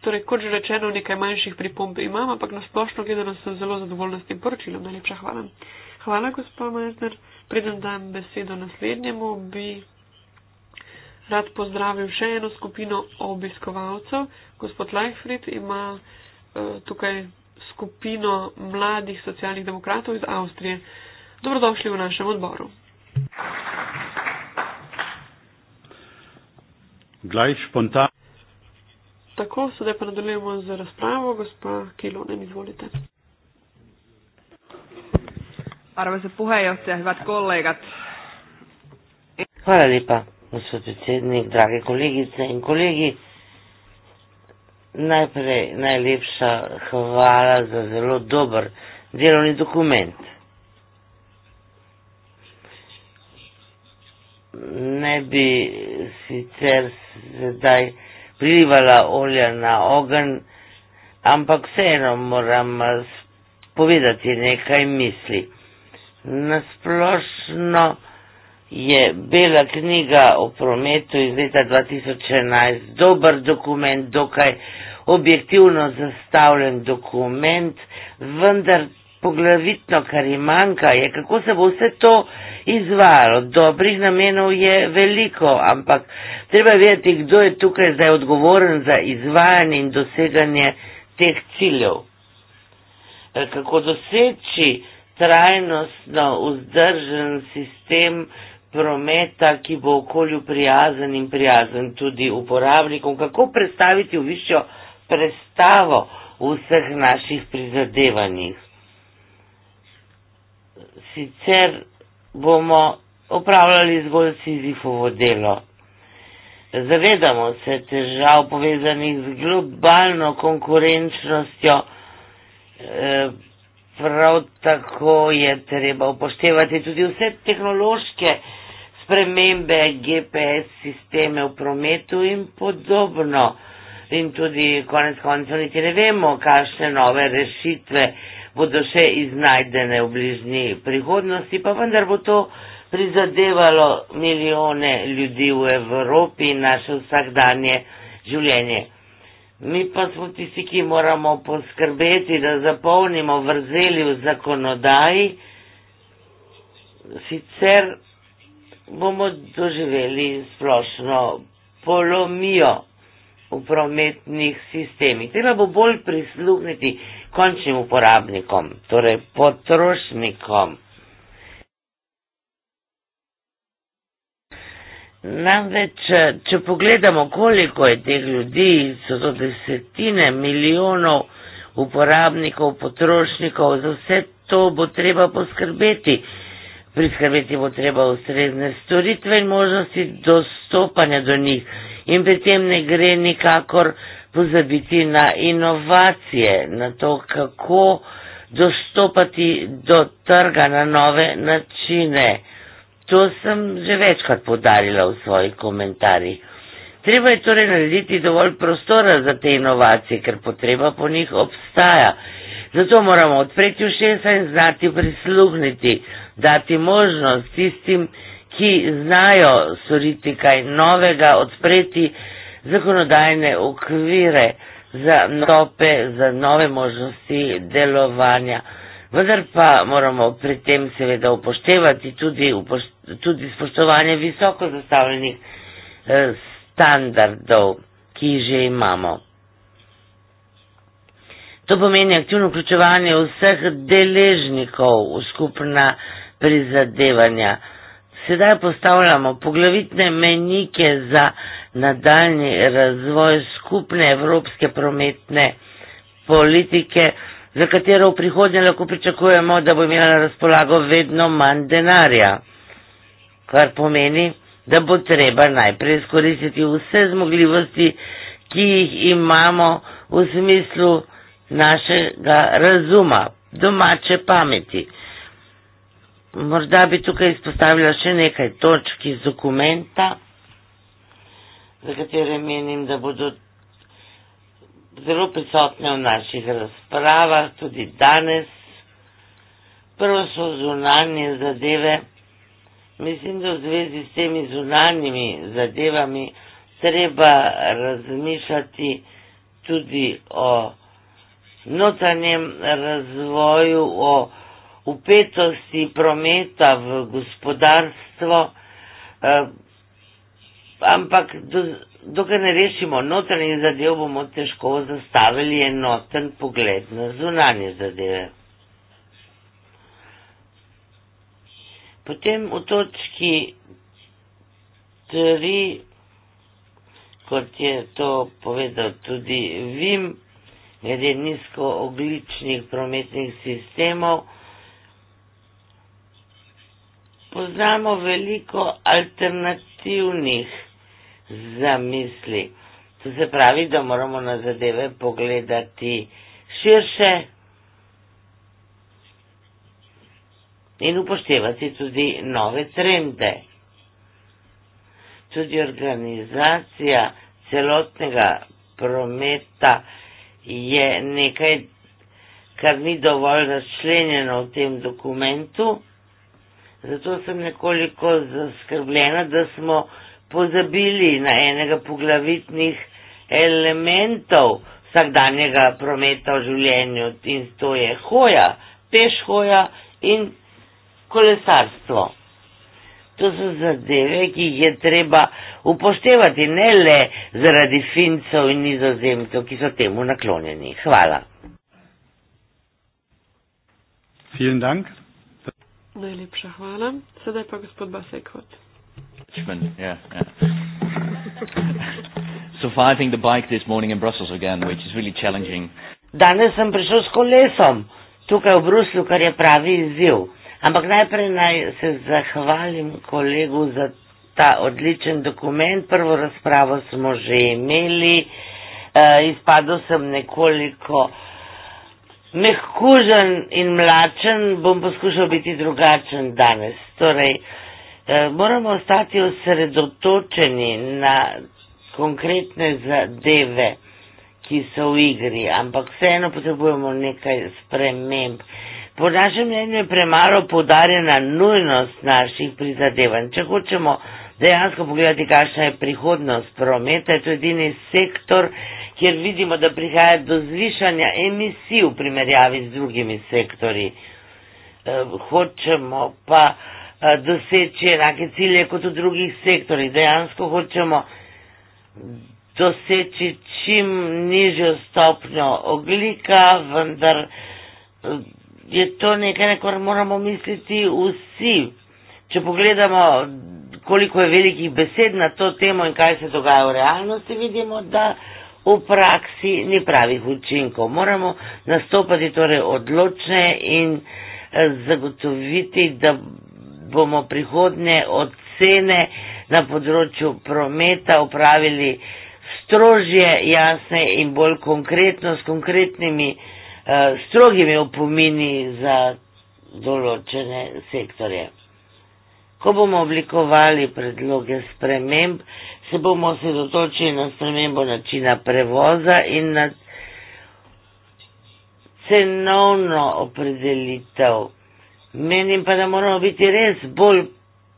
Torej, kot že rečeno, nekaj manjših pripomb imam, ampak nasplošno gledano sem zelo zadovoljna s tem poročilom. Najlepša hvala. Hvala, gospod Mezner. Preden dam besedo naslednjemu, bi rad pozdravim še eno skupino obiskovalcev. Gospod Leifrit ima uh, tukaj skupino mladih socialnih demokratov iz Avstrije. Dobrodošli v našem odboru. Glejš, spontan. Tako, sedaj pa nadaljujemo z razpravo. Gospa Kilonen, izvolite. Arvoisa puheenjohtaja, hyvät kollegat. Hyvää lipa gospod predsednik, drage kolegice in kolegi. Najprej najlepša hvala za zelo dober delovni dokument. Ne bi sicer sedaj prilivala olja na ogen, ampak vseeno moram povedati nekaj misli. Nasplošno, je bela knjiga o prometu iz leta 2011 dober dokument, dokaj objektivno zastavljen dokument, vendar poglavitno, kar jim manjka, je kako se bo vse to izvajalo. Dobrih namenov je veliko, ampak treba vedeti, kdo je tukaj zdaj odgovoren za izvajanje in doseganje teh ciljev. E, kako doseči trajnostno vzdržen sistem, prometa, ki bo okolju prijazen in prijazen tudi uporabnikom, kako predstaviti v višjo predstavo vseh naših prizadevanjih. Sicer bomo opravljali zgolj sizifovo delo. Zavedamo se težav povezanih z globalno konkurenčnostjo, e, prav tako je treba upoštevati tudi vse tehnološke spremembe GPS sisteme v prometu in podobno. In tudi konec koncev niti ne vemo, kakšne nove rešitve bodo še iznajdene v bližnji prihodnosti, pa vendar bo to prizadevalo milijone ljudi v Evropi in naše vsakdanje življenje. Mi pa smo tisti, ki moramo poskrbeti, da zapolnimo vrzeli v zakonodaji, sicer bomo doživeli splošno polomijo v prometnih sistemih. Treba bo bolj prisluhniti končnim uporabnikom, torej potrošnikom. Namreč, če pogledamo, koliko je teh ljudi, so to desetine milijonov uporabnikov, potrošnikov, za vse to bo treba poskrbeti priskrbeti bo treba ustrezne storitve in možnosti dostopanja do njih. In pri tem ne gre nikakor pozabiti na inovacije, na to, kako dostopati do trga na nove načine. To sem že večkrat podarila v svojih komentarjih. Treba je torej narediti dovolj prostora za te inovacije, ker potreba po njih obstaja. Zato moramo odpreti ušesa in znati prisluhniti dati možnost tistim, ki znajo soriti kaj novega, odpreti zakonodajne okvire za nope, za nove možnosti delovanja. Vendar pa moramo pri tem seveda upoštevati tudi, tudi spoštovanje visoko zastavljenih eh, standardov, ki že imamo. To pomeni aktivno vključevanje vseh deležnikov v skupna prizadevanja. Sedaj postavljamo poglavitne menike za nadaljni razvoj skupne evropske prometne politike, za katero v prihodnje lahko pričakujemo, da bo imela na razpolago vedno manj denarja, kar pomeni, da bo treba najprej izkoristiti vse zmogljivosti, ki jih imamo v smislu našega razuma, domače pameti. Morda bi tukaj izpostavila še nekaj točk iz dokumenta, za katere menim, da bodo zelo prisotne v naših razpravah tudi danes. Prvo so zunanje zadeve. Mislim, da v zvezi s temi zunanjimi zadevami treba razmišljati tudi o notranjem razvoju, o upetosti prometa v gospodarstvo, eh, ampak do, dokaj ne rešimo notranje zadev, bomo težko zastavili enoten pogled na zunanje zadeve. Potem v točki 3, kot je to povedal tudi Vim, glede nizkooglični prometnih sistemov, poznamo veliko alternativnih zamisli. To se pravi, da moramo na zadeve pogledati širše in upoštevati tudi nove trende. Tudi organizacija celotnega prometa je nekaj, kar ni dovolj razčlenjeno v tem dokumentu zato sem nekoliko zaskrbljena, da smo pozabili na enega poglavitnih elementov vsakdanjega prometa v življenju in to je hoja, peš hoja in kolesarstvo. To so zadeve, ki jih je treba upoštevati, ne le zaradi fincev in nizozemcev, ki so temu naklonjeni. Hvala. Vielen Dank. Najlepša hvala. Sedaj pa gospod Basek. Čipen, ja. Surviving the bike this morning in Brussels again, which is really challenging. Danes sem prišel s kolesom tukaj v Bruslu, kar je pravi izziv. Ampak najprej naj se zahvalim kolegu za ta odličen dokument. Prvo razpravo smo že imeli, uh, eh, izpadel sem nekoliko mehkužen in mlačen, bom poskušal biti drugačen danes. Torej, eh, moramo ostati osredotočeni na konkretne zadeve, ki so v igri, ampak vseeno potrebujemo nekaj sprememb. Po našem mnenju je premalo podarjena nujnost naših prizadevanj. Če hočemo dejansko pogledati, kakšna je prihodnost prometa, je to edini sektor, kjer vidimo, da prihaja do zvišanja emisij v primerjavi z drugimi sektori. Eh, hočemo pa eh, doseči enake cilje kot v drugih sektorjih. Dejansko hočemo doseči čim nižjo stopnjo oglika, vendar eh, je to nekaj, na kar moramo misliti vsi. Če pogledamo, koliko je velikih besed na to temo in kaj se dogaja v realnosti, vidimo, da v praksi ni pravih učinkov. Moramo nastopati torej odločne in eh, zagotoviti, da bomo prihodne ocene na področju prometa upravili strožje, jasne in bolj konkretno s konkretnimi uh, strogimi opomini za določene sektorje. Ko bomo oblikovali predloge sprememb, se bomo osredotočili na spremembo načina prevoza in na cenovno opredelitev. Menim pa, da moramo biti res bolj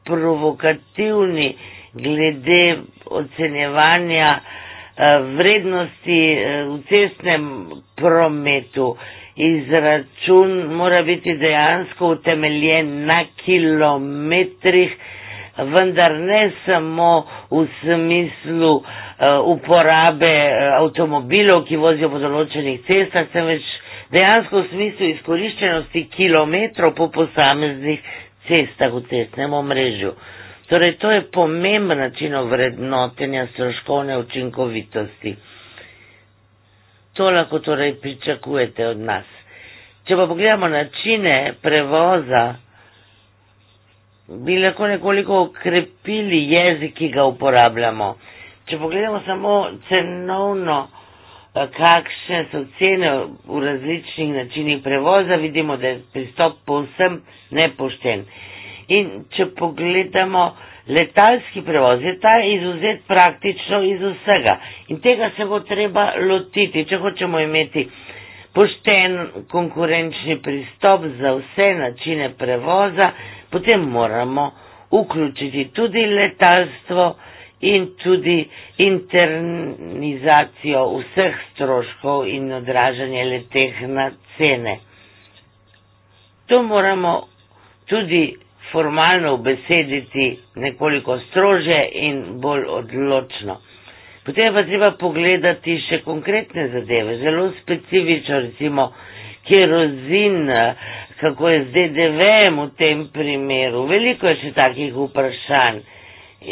provokativni glede ocenjevanja eh, vrednosti eh, v cestnem prometu. Izračun mora biti dejansko utemeljen na kilometrih, vendar ne samo v smislu uh, uporabe eh, avtomobilov, ki vozijo po določenih cestah, temveč dejansko v smislu izkoriščenosti kilometrov po posameznih cestah v cestnem omrežju. Torej, to je pomemben način ovrednotenja stroškovne učinkovitosti. To lahko torej pričakujete od nas. Če pa pogledamo načine prevoza, bi lahko nekoliko okrepili jezik, ki ga uporabljamo. Če pogledamo samo cenovno, eh, kakšne so cene v različnih načinih prevoza, vidimo, da je pristop povsem nepošten. In če pogledamo letalski prevoz, je ta izuzet praktično iz vsega. In tega se bo treba lotiti, če hočemo imeti pošten konkurenčni pristop za vse načine prevoza potem moramo vključiti tudi letalstvo in tudi internizacijo vseh stroškov in odražanje leteh na cene. To moramo tudi formalno ubesediti nekoliko strože in bolj odločno. Potem pa treba pogledati še konkretne zadeve, zelo specifično, recimo, kerozin, kako je z DDV-jem v tem primeru. Veliko je še takih vprašanj.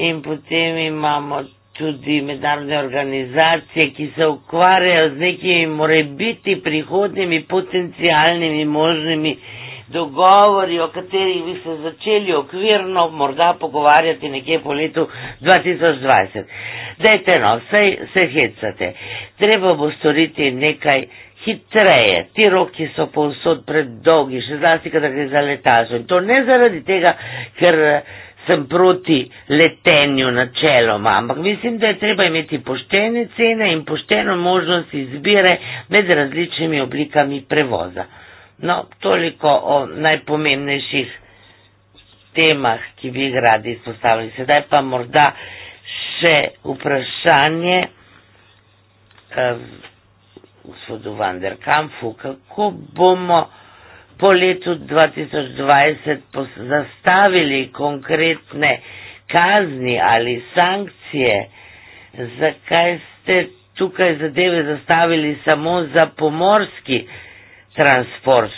In potem imamo tudi mednarodne organizacije, ki se ukvarjajo z nekimi morebiti prihodnimi potencijalnimi možnimi dogovori, o katerih bi se začeli okvirno morda pogovarjati nekje po letu 2020. Dajte no, vse hecate. Treba bo storiti nekaj hitreje. Ti roki so povsod predolgi, še zlasti, kadar gre za letalstvo. In to ne zaradi tega, ker eh, sem proti letenju načeloma, ampak mislim, da je treba imeti poštene cene in pošteno možnost izbire med različnimi oblikami prevoza. No, toliko o najpomembnejših temah, ki bi jih radi izpostavili. Sedaj pa morda še vprašanje. Uh, gospodu Vanderkampu, kako bomo po letu 2020 zastavili konkretne kazni ali sankcije, zakaj ste tukaj zadeve zastavili samo za pomorski transport.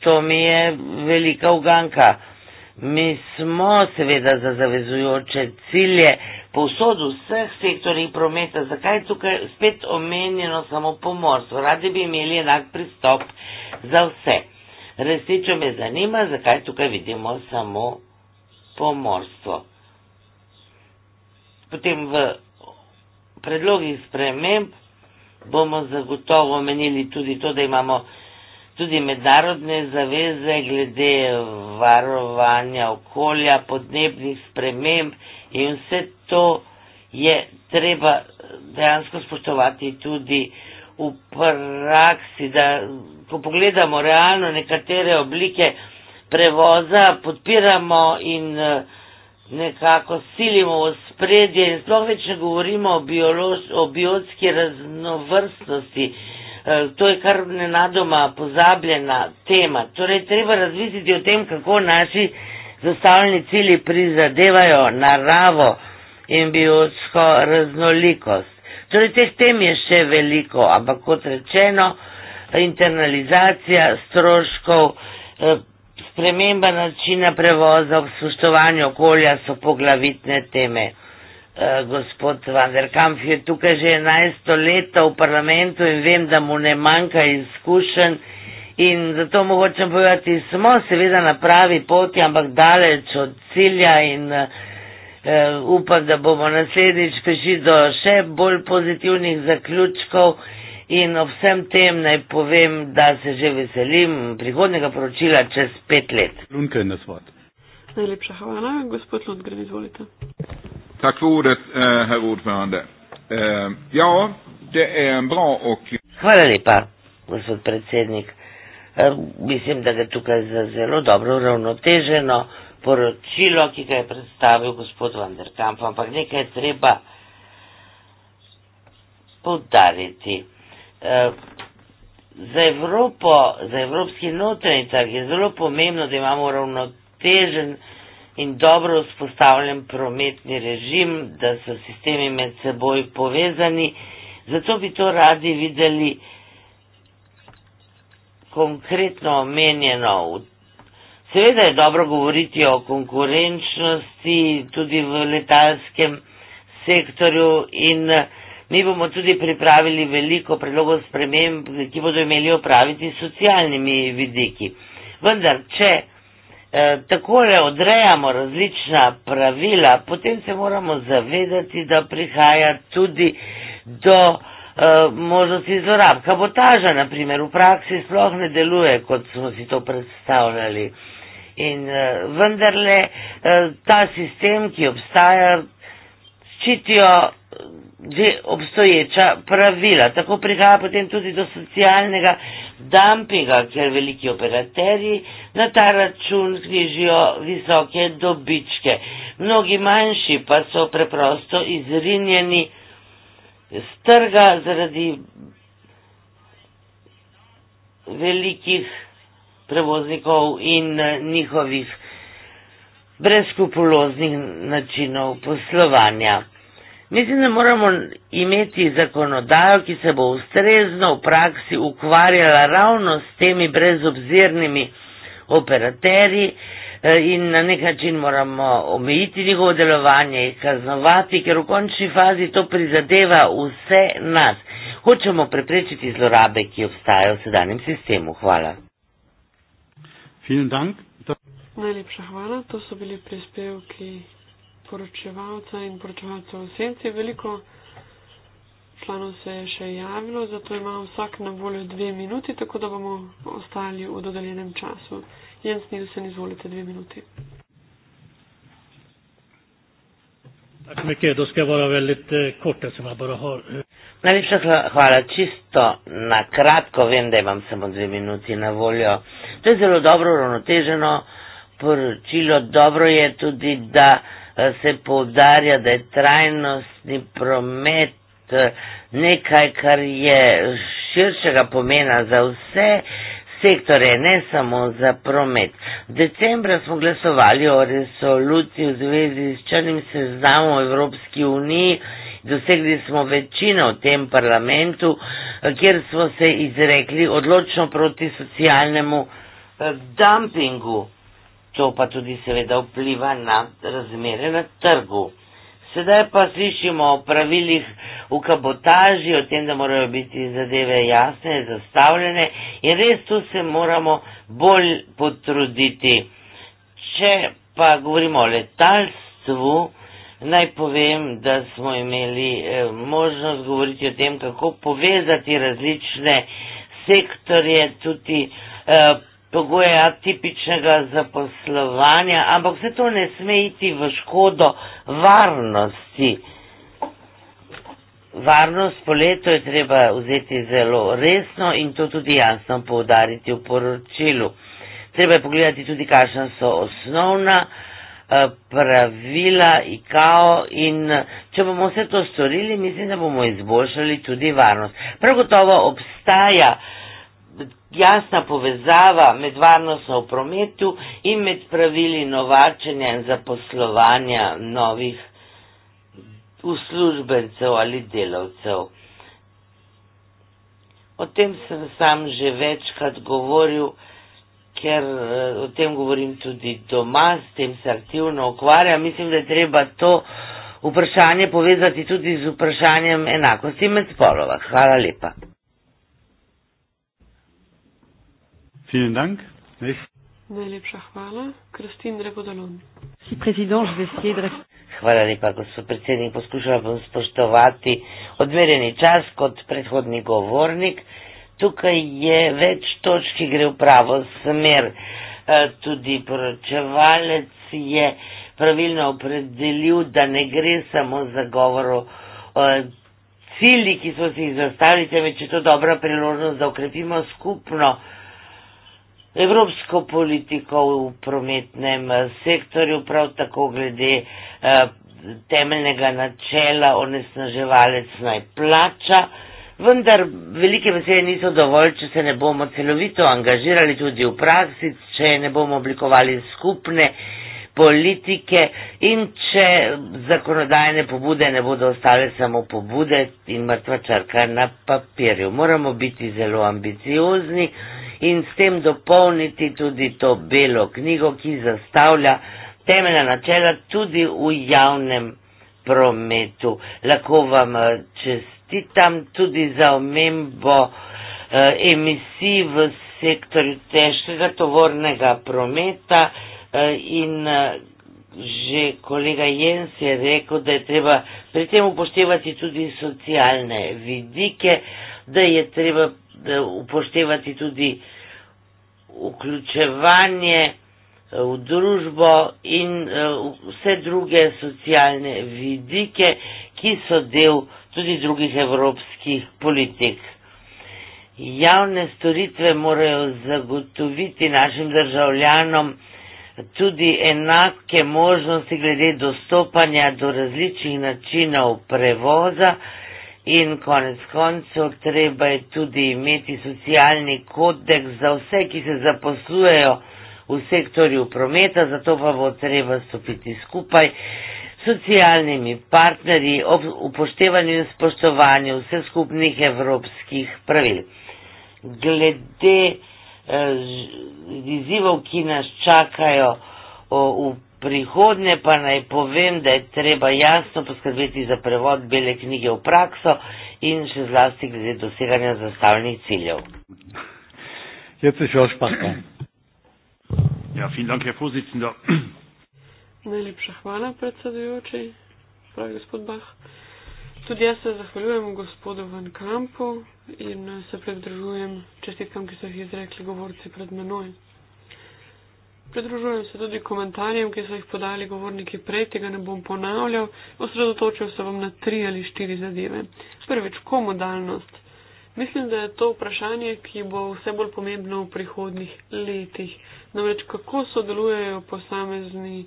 To mi je velika uganka. Mi smo seveda za zavezujoče cilje povsod v vseh sektorjih prometa, zakaj tukaj spet omenjeno samo pomorstvo, radi bi imeli enak pristop za vse. Resnično me zanima, zakaj tukaj vidimo samo pomorstvo. Potem v predlogih sprememb bomo zagotovo omenili tudi to, da imamo Tudi mednarodne zaveze glede varovanja okolja, podnebnih sprememb in vse to je treba dejansko spoštovati tudi v praksi, da ko pogledamo realno nekatere oblike prevoza, podpiramo in eh, nekako silimo v spredje in sploh več ne govorimo o, o biotski raznovrstnosti. Eh, to je kar nenadoma pozabljena tema. Torej, treba razmisliti o tem, kako naši zastavljeni cilji prizadevajo naravo in biotsko raznolikost. Torej, teh tem je še veliko, ampak kot rečeno, internalizacija stroškov, eh, sprememba načina prevoza, spoštovanje okolja so poglavitne teme. Eh, gospod Vanderkamp je tukaj že 11 let v parlamentu in vem, da mu ne manjka izkušen in zato mu hočem povedati, smo seveda na pravi poti, ampak daleč od cilja in uh, upam, da bomo naslednjič prišli do še bolj pozitivnih zaključkov. In ob vsem tem naj povem, da se že veselim prihodnega poročila čez pet let. Lunke na svet. Najlepša hvala, gospod Lundgren, izvolite. Tack för ordet, eh, herr ordförande. Eh, ja, det är en bra och... Hvala lepa, gospod predsednik. Eh, mislim, da ga tukaj za zelo dobro uravnoteženo poročilo, ki ga je predstavil gospod Vanderkamp, ampak nekaj je treba poudariti. Eh, za Evropo, za evropski notranji trg je zelo pomembno, da imamo uravnotežen in dobro vzpostavljen prometni režim, da so sistemi med seboj povezani. Zato bi to radi videli konkretno omenjeno. Seveda je dobro govoriti o konkurenčnosti tudi v letalskem sektorju in eh, mi bomo tudi pripravili veliko predlogov sprememb, ki bodo imeli opraviti s socialnimi vidiki. Vendar, če Eh, takole odrejamo različna pravila, potem se moramo zavedati, da prihaja tudi do eh, možnosti zlorab. Kabotaža, na primer, v praksi sploh ne deluje, kot smo si to predstavljali. In eh, vendarle ta sistem, ki obstaja, ščitijo že obstoječa pravila. Tako prihaja potem tudi do socialnega dumpinga, ker veliki operaterji na ta račun knjižijo visoke dobičke. Mnogi manjši pa so preprosto izrinjeni z trga zaradi velikih prevoznikov in eh, njihovih brezkupuloznih načinov poslovanja. Mislim, da moramo imeti zakonodajo, ki se bo ustrezno v praksi ukvarjala ravno s temi brezobzirnimi operaterji eh, in na nek način moramo omejiti njihovo delovanje in kaznovati, ker v končni fazi to prizadeva vse nas. Hočemo preprečiti zlorabe, ki obstajajo v sedanjem sistemu. Hvala. Najlepša hvala. To so bili prispevki poročevalca in poročevalcev v senci veliko. Članov se je še javilo, zato ima vsak na voljo dve minuti, tako da bomo ostali v dodeljenem času. Jens Nilsen, izvolite dve minuti. Eh, Najlepša hvala. Čisto na kratko, vem, da imam samo dve minuti na voljo. To je zelo dobro, ravnoteženo poročilo. Dobro je tudi, da se poudarja, da je trajnostni promet eh, nekaj, kar je širšega pomena za vse sektore, ne samo za promet. Decembra smo glasovali o resoluciji v zvezi s črnim seznamom v Evropski uniji. Dosegli smo večino v tem parlamentu, eh, kjer smo se izrekli odločno proti socialnemu eh, dumpingu. To pa tudi seveda vpliva na razmere na trgu. Sedaj pa slišimo o pravilih v kabotaži, o tem, da morajo biti zadeve jasne, zastavljene in res tu se moramo bolj potruditi. Če pa govorimo o letalstvu, naj povem, da smo imeli eh, možnost govoriti o tem, kako povezati različne sektorje, tudi eh, pogoje atipičnega zaposlovanja, ampak vse to ne sme iti v škodo varnosti. Varnost po letu je treba vzeti zelo resno in to tudi jasno poudariti v poročilu. Treba je pogledati tudi, kakšna so osnovna eh, pravila in kao eh, in če bomo vse to storili, mislim, da bomo izboljšali tudi varnost. Prav gotovo obstaja jasna povezava med varnostjo v prometu in med pravili novačenja in zaposlovanja novih uslužbencev ali delavcev. O tem sem sam že večkrat govoril, ker eh, o tem govorim tudi doma, s tem se aktivno ukvarjam. Mislim, da je treba to vprašanje povezati tudi z vprašanjem enakosti med spolova. Hvala lepa. Vielen Dank. Najlepša hvala. Kristin Rebodalon. Hvala lepa, gospod predsednik. Poskušala bom spoštovati odmereni čas kot predhodni govornik. Tukaj je več točki gre v pravo smer. E, tudi poročevalec je pravilno opredelil, da ne gre samo za govoro cilji, ki so si jih zastavili, temveč je to dobra priložnost, da okrepimo skupno evropsko politiko v prometnem eh, sektorju, prav tako glede eh, temeljnega načela onesnaževalec naj plača, vendar velike besede niso dovolj, če se ne bomo celovito angažirali tudi v praksi, če ne bomo oblikovali skupne politike in če zakonodajne pobude ne bodo ostale samo pobude in mrtva črka na papirju. Moramo biti zelo ambiciozni in s tem dopolniti tudi to belo knjigo, ki zastavlja temeljna načela tudi v javnem prometu. Lahko vam eh, čestitam tudi za omembo eh, emisij v sektorju težkega tovornega prometa eh, in eh, Že kolega Jens je rekel, da je treba pri tem upoštevati tudi socialne vidike, da je treba Eh, upoštevati tudi vključevanje eh, v družbo in eh, vse druge socialne vidike, ki so del tudi drugih evropskih politik. Javne storitve morajo zagotoviti našim državljanom tudi enake možnosti glede dostopanja do različnih načinov prevoza, In konec koncev treba je tudi imeti socialni kodeks za vse, ki se zaposlujejo v sektorju prometa, zato pa bo treba stopiti skupaj s socialnimi partnerji ob upoštevanju in spoštovanju vseh skupnih evropskih pravil. Glede eh, izzivov, ki nas čakajo v prihodnje pa naj povem, da je treba jasno poskrbeti za prevod bele knjige v prakso in še zlasti glede doseganja zastavljenih ciljev. Je to še ošpaka. Ja, fin dank, je pozicijo. Najlepša hvala, predsedujoči, pravi gospod Bah. Tudi jaz se zahvaljujem gospodu Van Kampu in se pridružujem čestitkam, ki so jih izrekli govorci pred menoj. Pridružujem se tudi komentarjem, ki so jih podali govorniki prej, tega ne bom ponavljal, osredotočil se bom na tri ali štiri zadeve. Prvič, komodalnost. Mislim, da je to vprašanje, ki bo vse bolj pomembno v prihodnih letih. Namreč, kako sodelujejo posamezni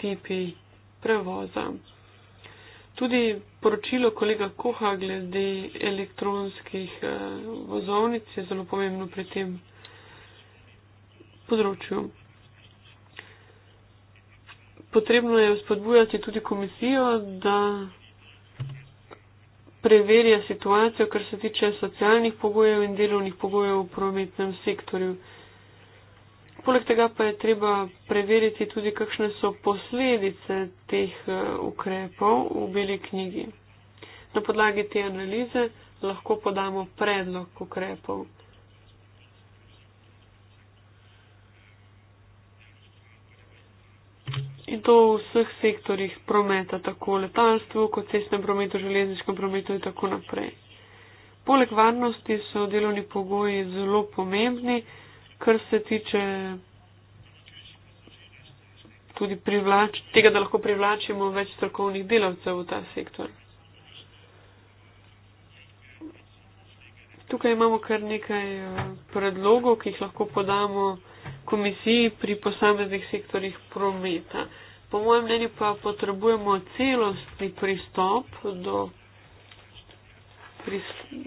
tipi prevoza. Tudi poročilo kolega Koha glede elektronskih eh, vozovnic je zelo pomembno pri tem področju potrebno je spodbujati tudi komisijo, da preverja situacijo, kar se tiče socialnih pogojev in delovnih pogojev v prometnem sektorju. Poleg tega pa je treba preveriti tudi, kakšne so posledice teh eh, ukrepov v beli knjigi. Na podlagi te analize lahko podamo predlog ukrepov. in to v vseh sektorjih prometa, tako v letalstvu, kot cestnem prometu, železniškem prometu in tako naprej. Poleg varnosti so delovni pogoji zelo pomembni, kar se tiče tudi privlač, tega, da lahko privlačimo več strokovnih delavcev v ta sektor. Tukaj imamo kar nekaj eh, predlogov, ki jih lahko podamo komisiji pri posameznih sektorjih prometa. Po mojem mnenju pa potrebujemo celostni pristop do, pris,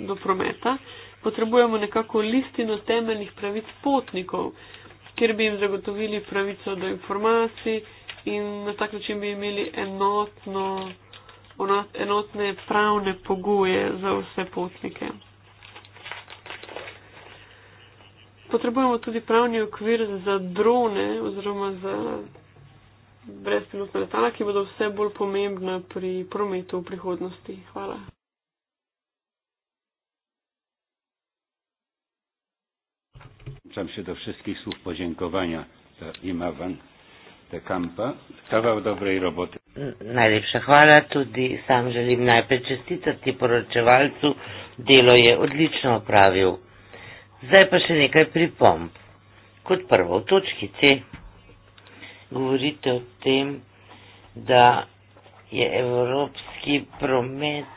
do prometa. Potrebujemo nekako listino temeljnih pravic potnikov, kjer bi jim zagotovili pravico do informacij in na tak način bi imeli enotno, enotne pravne pogoje za vse potnike. Potrebujemo tudi pravni okvir za drone oziroma za brezpilotna letala, ki bodo vse bolj pomembna pri prometu v prihodnosti. Hvala. Zdravim se do vseh slov poženkovanja, da ima van te kampa. Hvala v dobrej roboti. Najlepša hvala, tudi sam želim najprej čestitati poročevalcu, delo je odlično opravil. Zdaj pa še nekaj pripomb. Kot prvo, v točki C govorite o tem, da je evropski promet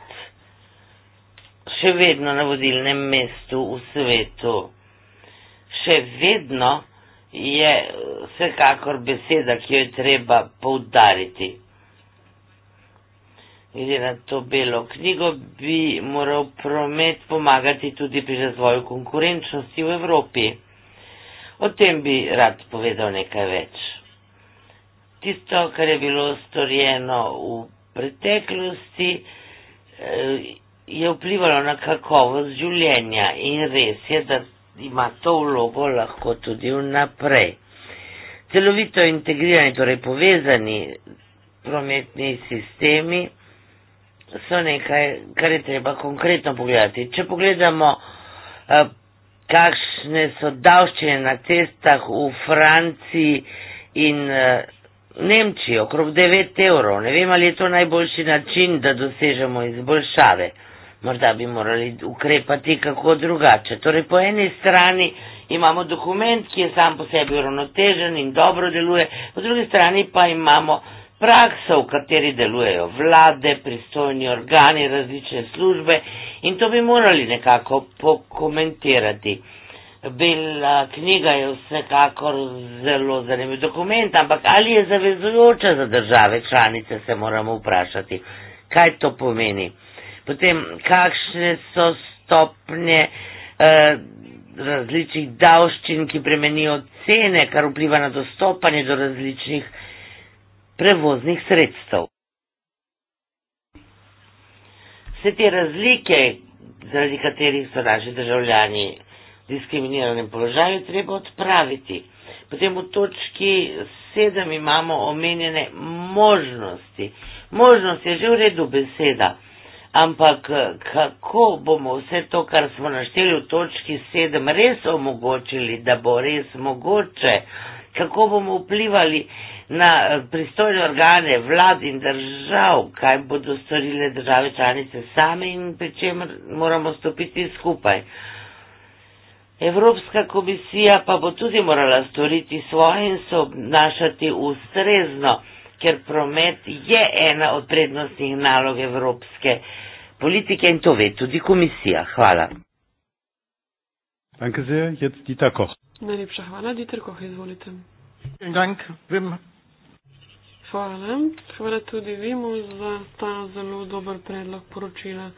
še vedno na vodilnem mestu v svetu. Še vedno je vsekakor beseda, ki jo je treba poudariti. Glede na to belo knjigo bi moral promet pomagati tudi pri razvoju konkurenčnosti v Evropi. O tem bi rad povedal nekaj več tisto, kar je bilo storjeno v preteklosti, eh, je vplivalo na kakovost življenja in res je, da ima to vlogo lahko tudi vnaprej. Celovito integrirani, torej povezani prometni sistemi so nekaj, kar je treba konkretno pogledati. Če pogledamo, eh, kakšne so davščine na cestah v Franciji in eh, Nemčiji okrog 9 evrov. Ne vem, ali je to najboljši način, da dosežemo izboljšave. Morda bi morali ukrepati kako drugače. Torej, po eni strani imamo dokument, ki je sam po sebi uravnotežen in dobro deluje, po drugi strani pa imamo prakso, v kateri delujejo vlade, pristojni organi, različne službe in to bi morali nekako pokomentirati. Bela knjiga je vsekakor zelo zanimiv dokument, ampak ali je zavezujoča za države članice, se moramo vprašati, kaj to pomeni. Potem, kakšne so stopnje eh, različnih davščin, ki premenijo cene, kar vpliva na dostopanje do različnih prevoznih sredstev. Vse te razlike, zaradi katerih so naši državljani diskriminiranem položaju treba odpraviti. Potem v točki sedem imamo omenjene možnosti. Možnost je že v redu beseda, ampak eh, kako bomo vse to, kar smo našteli v točki sedem, res omogočili, da bo res mogoče, kako bomo vplivali na eh, pristojne organe vlad in držav, kaj bodo storile države članice same in pri čem moramo stopiti skupaj. Evropska komisija pa bo tudi morala storiti svoje in se obnašati ustrezno, ker promet je ena od prednostnih nalog evropske politike in to ve tudi komisija. Hvala. Danke sehr, jetzt Dieter Koch. Najlepša hvala, Dieter Koch, izvolite. Dank, vem. Hvala. Hvala tudi vimu za ta zelo dober predlog poročila.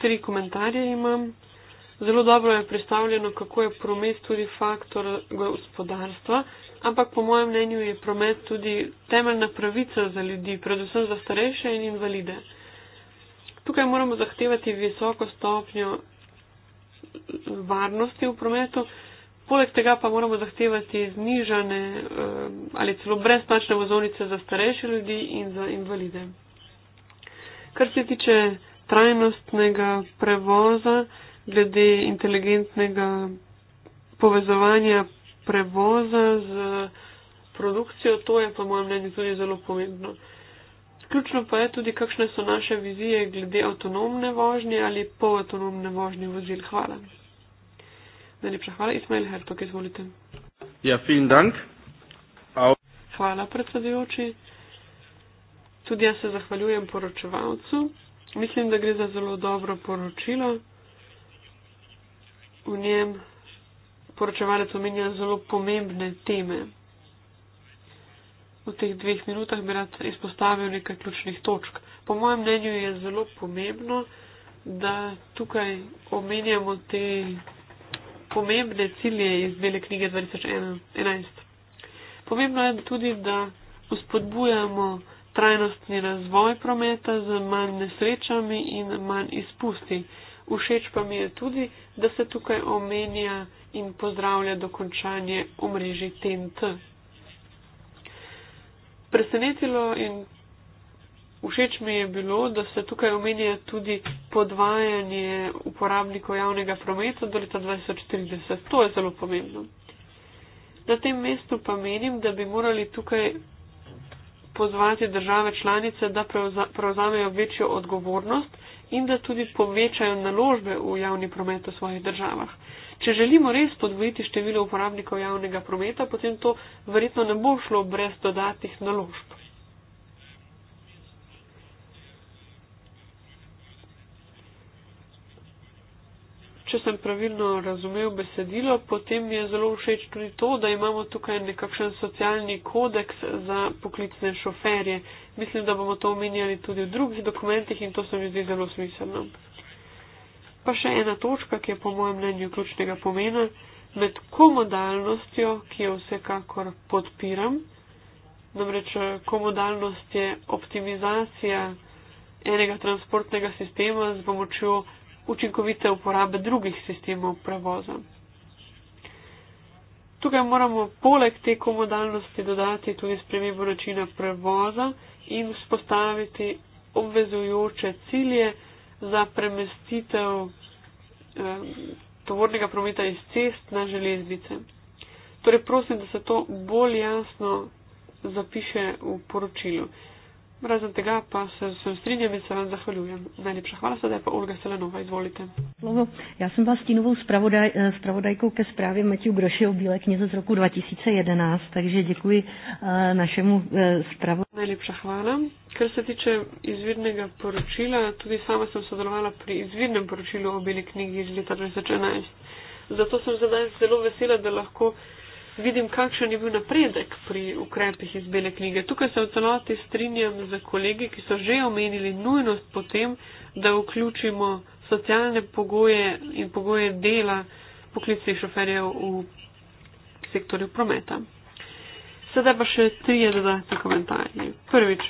Tri komentarje imam. Zelo dobro je predstavljeno, kako je promet tudi faktor gospodarstva, ampak po mojem mnenju je promet tudi temeljna pravica za ljudi, predvsem za starejše in invalide. Tukaj moramo zahtevati visoko stopnjo varnosti v prometu, poleg tega pa moramo zahtevati znižane eh, ali celo brezplačne vozovnice za starejše ljudi in za invalide. Kar se tiče trajnostnega prevoza, glede inteligentnega povezovanja prevoza z produkcijo, to je pa mojem mnenju tudi zelo pomembno. Ključno pa je tudi, kakšne so naše vizije glede avtonomne vožnje ali polavtonomne vožnje vozil. Hvala. Najlepša hvala, Ismail Hertog, izvolite. Ja, fin dank. Au. Hvala, predsedujoči. Tudi jaz se zahvaljujem poročevalcu. Mislim, da gre za zelo dobro poročilo v njem poročevalec omenja zelo pomembne teme. V teh dveh minutah bi rad izpostavil nekaj ključnih točk. Po mojem mnenju je zelo pomembno, da tukaj omenjamo te pomembne cilje iz bele knjige 2011. Pomembno je tudi, da uspodbujamo trajnostni razvoj prometa z manj nesrečami in manj izpusti. Všeč pa mi je tudi, da se tukaj omenja in pozdravlja dokončanje omrežij TNT. Presenetilo in všeč mi je bilo, da se tukaj omenja tudi podvajanje uporabnikov javnega prometa do leta 2030. To je zelo pomembno. Na tem mestu pa menim, da bi morali tukaj pozvati države članice, da prevzamejo večjo odgovornost in da tudi povečajo naložbe v javni promet v svojih državah. Če želimo res podvojiti število uporabnikov javnega prometa, potem to verjetno ne bo šlo brez dodatnih naložb. če sem pravilno razumel besedilo, potem mi je zelo všeč tudi to, da imamo tukaj nekakšen socialni kodeks za poklicne šoferje. Mislim, da bomo to omenjali tudi v drugih dokumentih in to se mi zdi zelo smiselno. Pa še ena točka, ki je po mojem mnenju ključnega pomena, med komodalnostjo, ki jo vsekakor podpiram, namreč komodalnost je optimizacija enega transportnega sistema z pomočjo učinkovite uporabe drugih sistemov prevoza. Tukaj moramo poleg te komodalnosti dodati tudi spremembo načina prevoza in spostaviti obvezujoče cilje za premestitev eh, tovornega prometa iz cest na železnice. Torej prosim, da se to bolj jasno zapiše v poročilu. Eh, Razen tega pa se vsem strinjam in se vam zahvaljujem. Najlepša hvala, sedaj pa Olga Selenova, izvolite. Já jsem vás stínovou zpravodaj, zpravodajkou eh, ke zprávě Matěju Grošeho Bílé knize z roku 2011, takže děkuji eh, našemu eh, zpravodajku. Najlepša hvala. Kar se tiče izvirnega poročila, tudi sama jsem sodelovala pri izvirnem poročilu o Bílé knjigi iz leta 2011. Zato jsem zdaj zelo vesela, da lahko vidim, kakšen je bil napredek pri ukrepih iz bele knjige. Tukaj se v celoti strinjam z kolegi, ki so že omenili nujnost potem, da vključimo socialne pogoje in pogoje dela poklicnih šoferjev v sektorju prometa. Sedaj pa še trije dodatni komentarji. Prvič,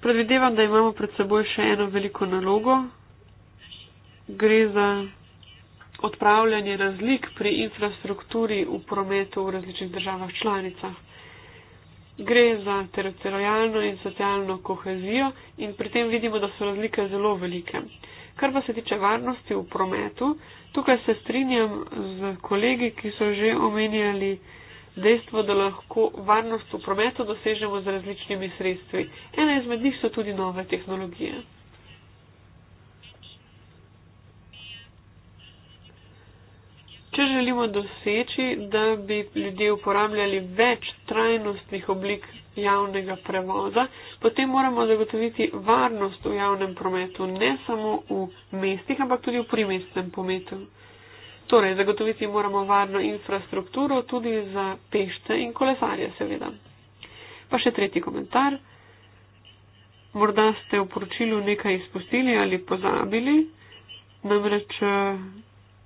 predvidevam, da imamo pred seboj še eno veliko nalogo. Gre za odpravljanje razlik pri infrastrukturi v prometu v različnih državah članicah. Gre za teritorijalno in socialno kohezijo in pri tem vidimo, da so razlike zelo velike. Kar pa se tiče varnosti v prometu, tukaj se strinjam z kolegi, ki so že omenjali dejstvo, da lahko varnost v prometu dosežemo z različnimi sredstvi. Ena izmed njih so tudi nove tehnologije. Če želimo doseči, da bi ljudje uporabljali več trajnostnih oblik javnega prevoza, potem moramo zagotoviti varnost v javnem prometu, ne samo v mestih, ampak tudi v primestnem prometu. Torej, zagotoviti moramo varno infrastrukturo tudi za pešce in kolesarje, seveda. Pa še tretji komentar. Morda ste v poročilu nekaj izpustili ali pozabili, namreč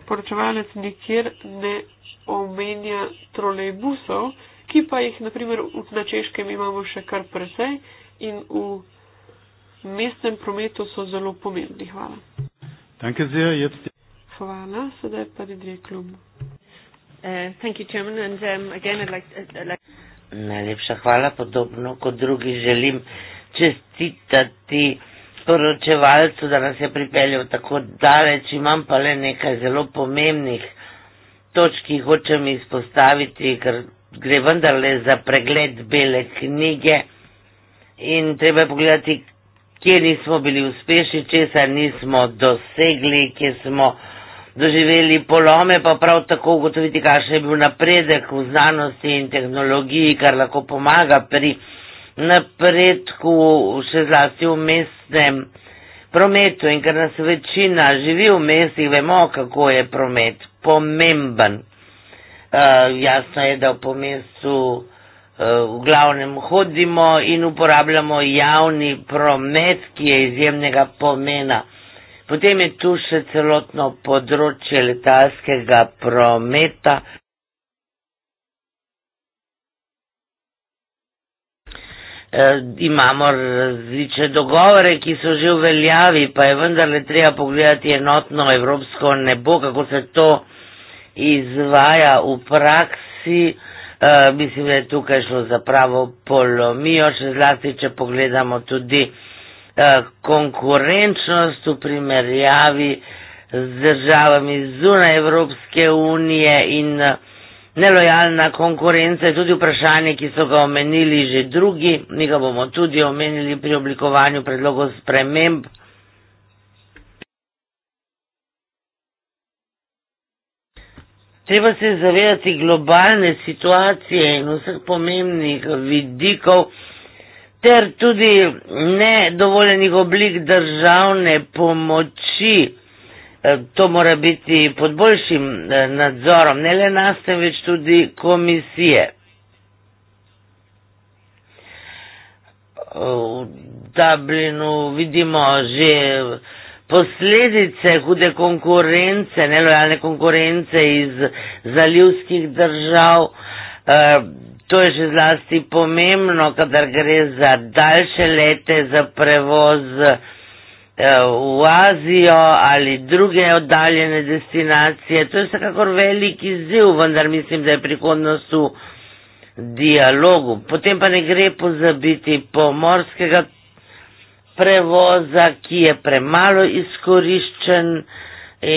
poročevalec nikjer ne omenja trolejbusov, ki pa jih naprimer na češkem imamo še kar precej in v mestnem prometu so zelo pomembni. Hvala. Danke sehr, jetzt. Hvala, sedaj pa je dve klub. Uh, thank you, Chairman, and um, again I'd like, I'd like... Najlepša hvala, podobno kot drugi želim čestitati sporočevalcu, da nas je pripeljal tako daleč, imam pa le nekaj zelo pomembnih točk, ki hočem izpostaviti, ker gre vendarle za pregled bele knjige in treba je pogledati, kje nismo bili uspešni, česa nismo dosegli, kje smo doživeli polome, pa prav tako ugotoviti, kakšen je bil napredek v znanosti in tehnologiji, kar lahko pomaga pri napredku, še zlasti v mestnem prometu in ker nas večina živi v mestih, vemo, kako je promet pomemben. Uh, jasno je, da po mestu uh, eh, v glavnem hodimo in uporabljamo javni promet, ki je izjemnega pomena. Potem je tu še celotno področje letalskega prometa. eh, imamo različne dogovore, ki so že v veljavi, pa je vendarle treba pogledati enotno evropsko nebo, kako se to izvaja v praksi. Eh, mislim, da je tukaj šlo za pravo polomijo, še zlasti, če pogledamo tudi eh, konkurenčnost v primerjavi z državami zunaj Evropske unije in eh, Nelojalna konkurenca je tudi vprašanje, ki so ga omenili že drugi, mi ga bomo tudi omenili pri oblikovanju predlogov sprememb. Treba se zavedati globalne situacije in vseh pomembnih vidikov ter tudi nedovoljenih oblik državne pomoči. Eh, to mora biti pod boljšim eh, nadzorom, ne le nas, temveč tudi komisije. Eh, v Dublinu vidimo že posledice hude konkurence, nelojalne konkurence iz zalivskih držav. To je že zlasti pomembno, kadar gre za daljše lete, za prevoz. E, v Azijo ali druge oddaljene destinacije. To je vsekakor veliki ziv, vendar mislim, da je prihodnost v dialogu. Potem pa ne gre pozabiti pomorskega prevoza, ki je premalo izkoriščen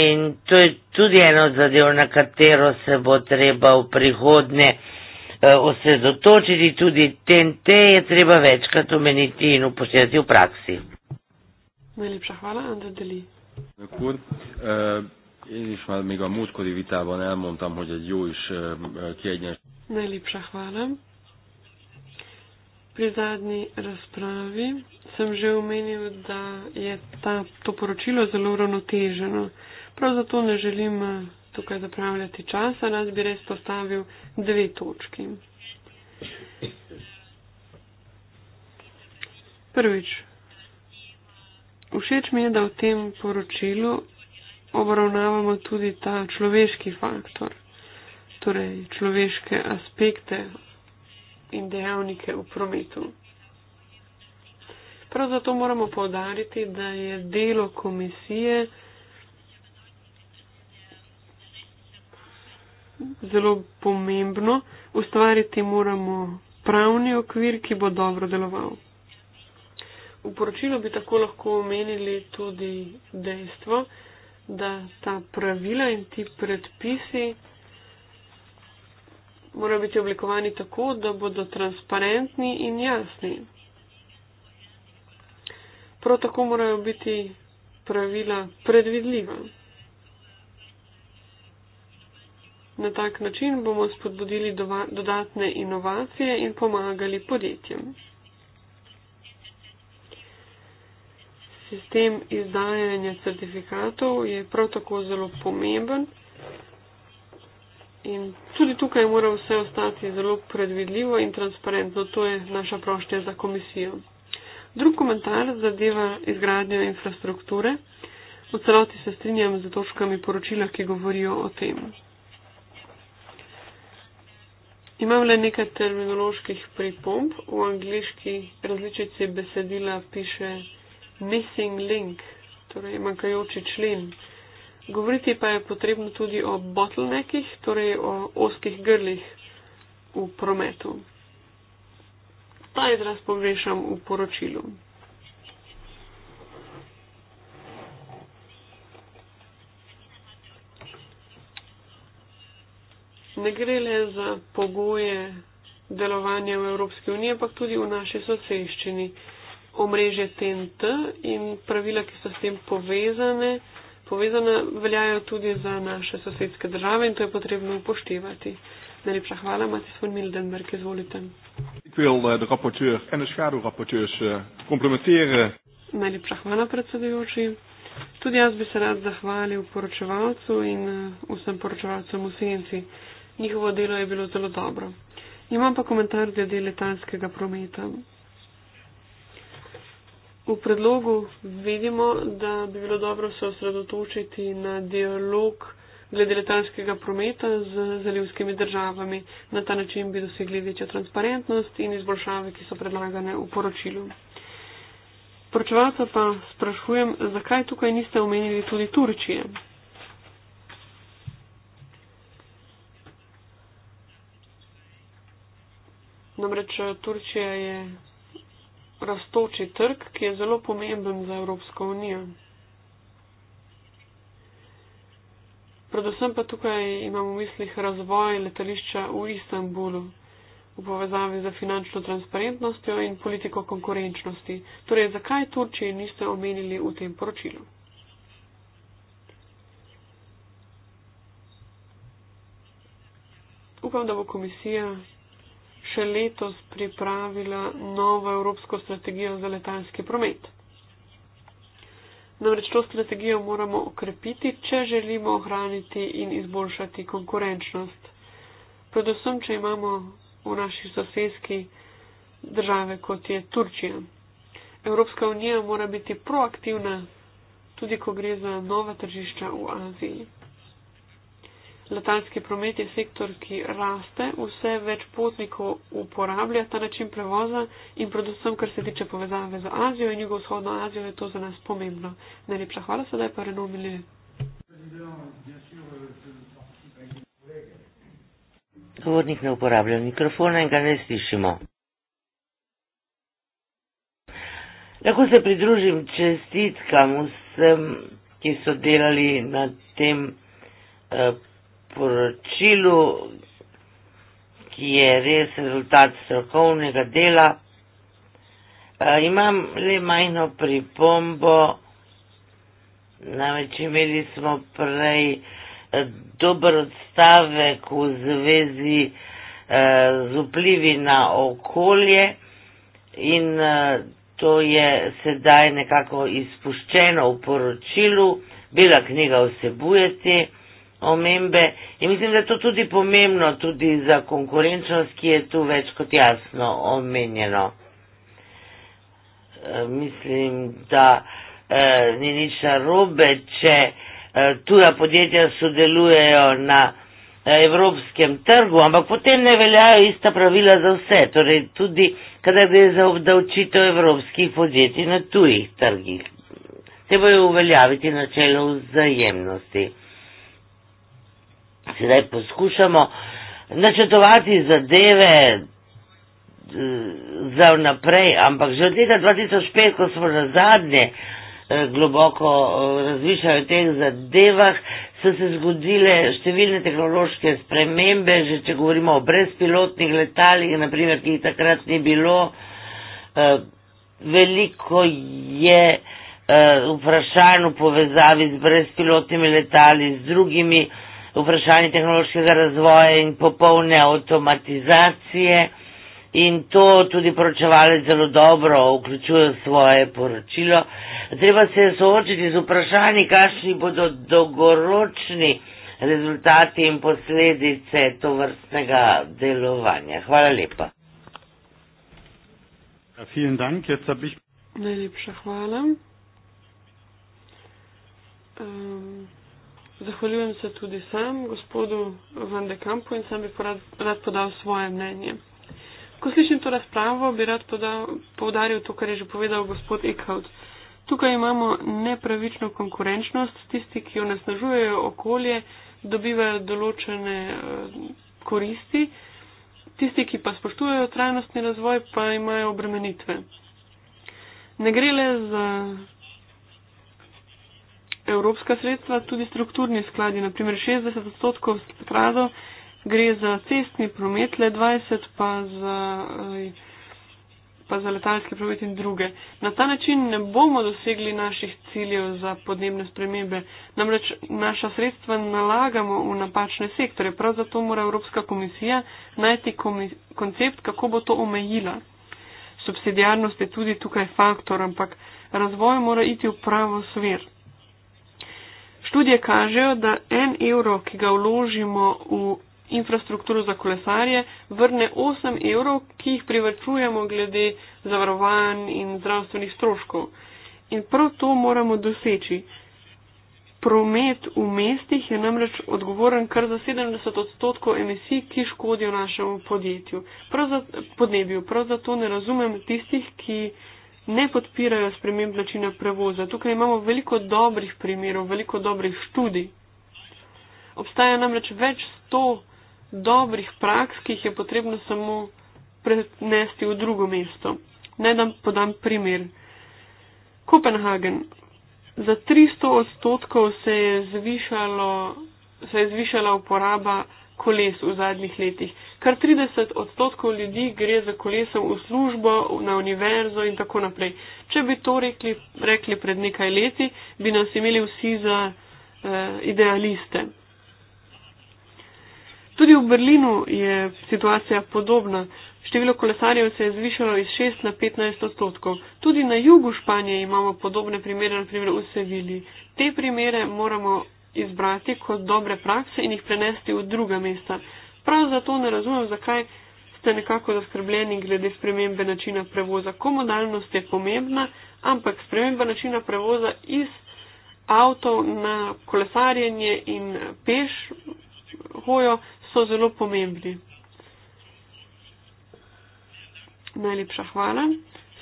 in to je tudi eno zadev, na katero se bo treba v prihodnje e, osredotočiti, tudi TNT je treba večkrat omeniti in upoštevati v praksi. Najlepša hvala, Andrej Deli. Dokor, eh, én is már még a múltkori vitában elmondtam, hogy egy jó is eh, kiegyen. Najlepša hvala. Pri zadnji razpravi sem že omenil, da je ta, to poročilo zelo uravnoteženo. Prav zato ne želim tukaj zapravljati časa, rad bi res postavil dve točki. Prvič, Všeč mi je, da v tem poročilu obravnavamo tudi ta človeški faktor, torej človeške aspekte in dejavnike v prometu. Prav zato moramo povdariti, da je delo komisije zelo pomembno, ustvariti moramo pravni okvir, ki bo dobro deloval. V poročilu bi tako lahko omenili tudi dejstvo, da ta pravila in ti predpisi morajo biti oblikovani tako, da bodo transparentni in jasni. Prav tako morajo biti pravila predvidljiva. Na tak način bomo spodbudili dodatne inovacije in pomagali podjetjem. Sistem izdajanja certifikatov je prav tako zelo pomemben. In tudi tukaj mora vse ostati zelo predvidljivo in transparentno. To je naša prošnja za komisijo. Drug komentar zadeva izgradnjo infrastrukture. V celoti se strinjam z točkami poročila, ki govorijo o tem. Imam le nekaj terminoloških pripomp. V angliški različici besedila piše missing link, torej manjkajoči člen. Govoriti pa je potrebno tudi o bottlenekih, torej o oskih grlih v prometu. Ta izraz pogrešam v poročilu. Ne gre le za pogoje delovanja v Evropski uniji, ampak tudi v naši soseščini omrežje TNT in pravila, ki so s tem povezane, povezane veljajo tudi za naše sosedske države in to je potrebno upoštevati. Najlepša hvala, Matis von Mildenberg, izvolite. Eh, eh, Najlepša hvala, predsedujoči. Tudi jaz bi se rad zahvalil poročevalcu in eh, vsem poročevalcem v senci. Njihovo delo je bilo zelo dobro. Imam pa komentar glede letalskega prometa. V predlogu vidimo, da bi bilo dobro se osredotočiti na dialog glede letalskega prometa z zalivskimi državami. Na ta način bi dosegli večjo transparentnost in izboljšave, ki so predlagane v poročilu. Poročevalca pa sprašujem, zakaj tukaj niste omenili tudi Turčije? Namreč Turčija je rastoči trg, ki je zelo pomemben za Evropsko unijo. Predvsem pa tukaj imamo v mislih razvoj letališča v Istanbulu v povezavi z finančno transparentnostjo in politiko konkurenčnosti. Torej, zakaj Turčije niste omenili v tem poročilu? Upam, da bo komisija še letos pripravila novo evropsko strategijo za letalski promet. Namreč to strategijo moramo okrepiti, če želimo ohraniti in izboljšati konkurenčnost. Predvsem, če imamo v naši sosedski države, kot je Turčija. Evropska unija mora biti proaktivna, tudi ko gre za nova tržišča v Aziji letalski promet je sektor, ki raste, vse več potnikov uporablja ta način prevoza in predvsem, kar se tiče povezave z Azijo in jugovzhodno Azijo, je to za nas pomembno. Najlepša hvala, sedaj pa Renu Mili. Govornik ne uporablja mikrofona in ga ne slišimo. Lahko se pridružim čestitkam vsem, ki so delali na tem uh, poročilu, ki je res rezultat strokovnega dela, eh, imam le majno pripombo, namreč imeli smo prej eh, dober odstavek v zvezi eh, z vplivi na okolje in to je sedaj nekako izpuščeno v poročilu, bela knjiga vsebuje te omembe in mislim, da je to tudi pomembno, tudi za konkurenčnost, ki je tu več kot jasno omenjeno. E, mislim, da e, ni nič narobe, če e, tuja podjetja sodelujejo na evropskem trgu, ampak potem ne veljajo ista pravila za vse, torej tudi, kada gre za obdavčitev evropskih podjetij na tujih trgih. Te bojo uveljaviti načelo vzajemnosti si rej poskušamo načrtovati zadeve eh, za vnaprej, ampak že od leta 2005, ko smo na zadnje eh, globoko eh, razmišljali o teh zadevah, so se zgodile številne tehnološke spremembe, že če govorimo o brezpilotnih letalih, naprimer, ki jih takrat ni bilo, veliko je vprašanj v povezavi z brezpilotnimi letali, z drugimi vprašanji, vprašanje tehnološkega razvoja in popolne avtomatizacije in to tudi poročevalec zelo dobro vključuje v svoje poročilo. Treba se soočiti z vprašanji, kakšni bodo dolgoročni rezultati in posledice to vrstnega delovanja. Hvala lepa. Ja, Najlepša hvala. Um. Zahvaljujem se tudi sam, gospodu Van de Kampu in sam bi porad, rad podal svoje mnenje. Ko slišim to razpravo, bi rad podal, povdaril to, kar je že povedal gospod Ekaut. Tukaj imamo nepravično konkurenčnost, tisti, ki onesnažujejo okolje, dobivajo določene eh, koristi, tisti, ki pa spoštujejo trajnostni razvoj, pa imajo obremenitve. Ne gre le za evropska sredstva, tudi strukturni skladi, naprimer 60 odstotkov skladov gre za cestni promet, le 20 pa za, eh, pa za letalski promet in druge. Na ta način ne bomo dosegli naših ciljev za podnebne spremembe. Namreč naša sredstva nalagamo v napačne sektore. Prav zato mora Evropska komisija najti komis koncept, kako bo to omejila. Subsidijarnost je tudi tukaj faktor, ampak razvoj mora iti v pravo smer. Študije kažejo, da en evro, ki ga vložimo v infrastrukturo za kolesarje, vrne 8 evrov, ki jih privrčujemo glede zavarovanj in zdravstvenih stroškov. In prav to moramo doseči. Promet v mestih je namreč odgovoren kar za 70 odstotkov emisij, ki škodijo našemu podjetju. Prav za, podnebju. Prav zato ne razumem tistih, ki ne podpirajo sprememb načina prevoza. Tukaj imamo veliko dobrih primerov, veliko dobrih študij. Obstaja namreč več sto dobrih praks, ki jih je potrebno samo prenesti v drugo mesto. Naj dam podam primer. Kopenhagen. Za 300 odstotkov se je, zvišalo, se je zvišala uporaba koles v zadnjih letih kar 30 odstotkov ljudi gre za kolesom v službo, na univerzo in tako naprej. Če bi to rekli, rekli pred nekaj leti, bi nas imeli vsi za eh, idealiste. Tudi v Berlinu je situacija podobna. Število kolesarjev se je zvišalo iz 6 na 15 odstotkov. Tudi na jugu Španije imamo podobne primere, naprimer v Sevilji. Te primere moramo izbrati kot dobre prakse in jih prenesti v druga mesta prav zato ne razumem, zakaj ste nekako zaskrbljeni glede spremembe načina prevoza. Komunalnost je pomembna, ampak sprememba načina prevoza iz avtov na kolesarjenje in peš hojo so zelo pomembni. Najlepša hvala.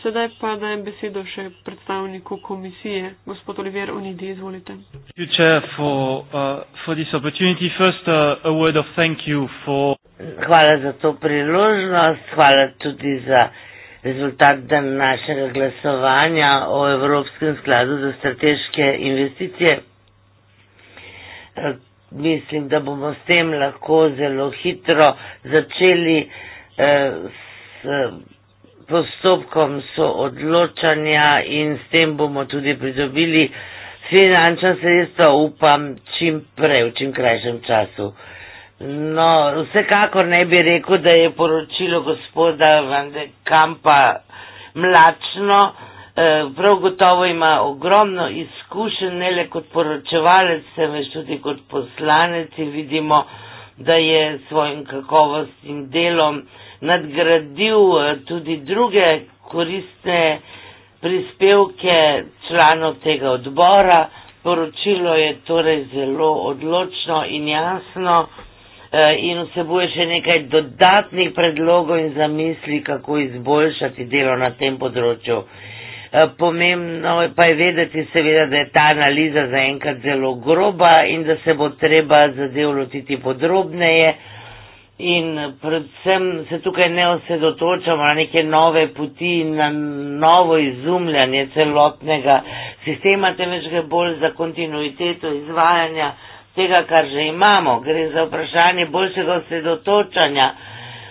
Sedaj pa dajem besedo še predstavniku komisije, gospod Oliver Onidi, izvolite. Uh, uh, hvala za to priložnost, hvala tudi za rezultat današnjega glasovanja o Evropskem skladu za strateške investicije. Mislim, da bomo s tem lahko zelo hitro začeli eh, s postopkom soodločanja in s tem bomo tudi pridobili finančna sredstva, upam, čim prej, v čim krajšem času. No, vsekakor ne bi rekel, da je poročilo gospoda Vandekampa mlačno, eh, prav gotovo ima ogromno izkušenj, ne le kot poročevalec, temveč tudi kot poslanec in vidimo, da je svojim kakovostnim delom nadgradil eh, tudi druge koristne prispevke članov tega odbora. Poročilo je torej zelo odločno in jasno eh, in vsebuje še nekaj dodatnih predlogov in zamisli, kako izboljšati delo na tem področju. Eh, pomembno pa je vedeti seveda, da je ta analiza zaenkrat zelo groba in da se bo treba zadev lotiti podrobneje in predvsem se tukaj ne osredotočamo na neke nove poti in na novo izumljanje celotnega sistema, temveč gre bolj za kontinuiteto izvajanja tega, kar že imamo. Gre za vprašanje boljšega osredotočanja.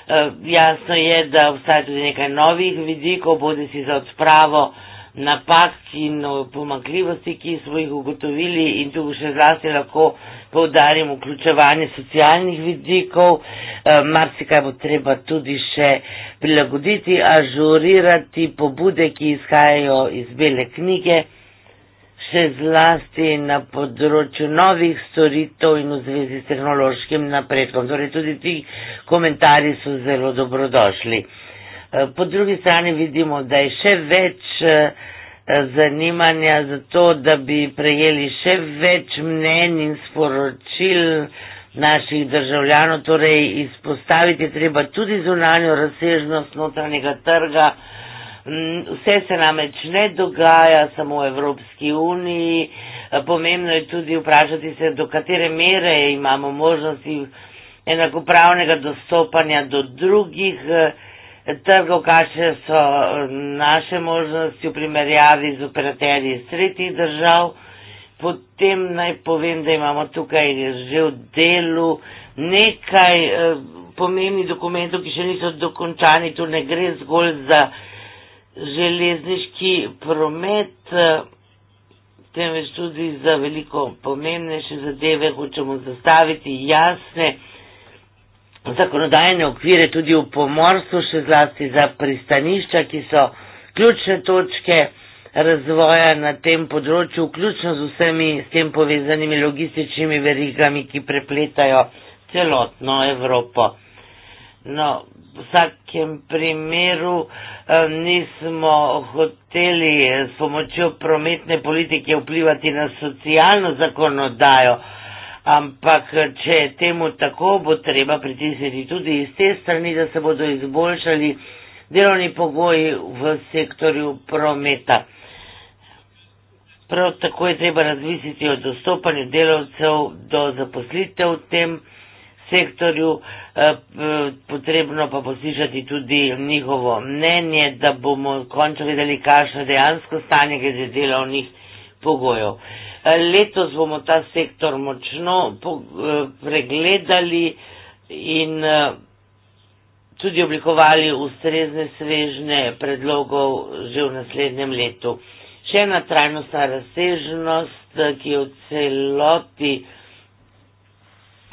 Eh, jasno je, da obstaja tudi nekaj novih vidikov, bodi si za odpravo napak in pomankljivosti, ki smo jih ugotovili in tu še zlasti lahko poudarjam vključevanje socialnih vidikov, eh, marsikaj bo treba tudi še prilagoditi, ažurirati pobude, ki izhajajo iz bele knjige, še zlasti na področju novih storitev in v zvezi s tehnološkim napredkom. Torej tudi ti komentarji so zelo dobrodošli. Eh, po drugi strani vidimo, da je še več eh, zanimanja za to, da bi prejeli še več mnen in sporočil naših državljanov, torej izpostaviti je treba tudi zunanjo razsežnost notranjega trga. Mm, vse se namreč ne dogaja samo v Evropski uniji, pomembno je tudi vprašati se, do katere mere imamo možnosti enakopravnega dostopanja do drugih eh, trgov, kakšne so eh, naše možnosti v primerjavi z operaterji iz tretjih držav. Potem naj povem, da imamo tukaj že v delu nekaj eh, pomembnih dokumentov, ki še niso dokončani, tu ne gre zgolj za železniški promet, eh, temveč tudi za veliko pomembnejše zadeve, hočemo zastaviti jasne zakonodajne okvire tudi v pomorstvu, še zlasti za pristanišča, ki so ključne točke razvoja na tem področju, vključno z vsemi s tem povezanimi logističnimi verigami, ki prepletajo celotno Evropo. No, v vsakem primeru eh, nismo hoteli s pomočjo prometne politike vplivati na socialno zakonodajo, eh, ampak če temu tako, bo treba pritisniti tudi iz te strani, da se bodo izboljšali delovni pogoji v sektorju prometa. Prav tako je treba razvisiti o dostopanju delavcev do zaposlitev v tem sektorju, eh, potrebno pa poslišati tudi njihovo mnenje, da bomo končno videli, kakšno dejansko stanje glede delovnih pogojev. Letos bomo ta sektor močno eh, pregledali in eh, tudi oblikovali ustrezne svežne predlogov že v naslednjem letu. Še ena trajnostna razsežnost, eh, ki jo celoti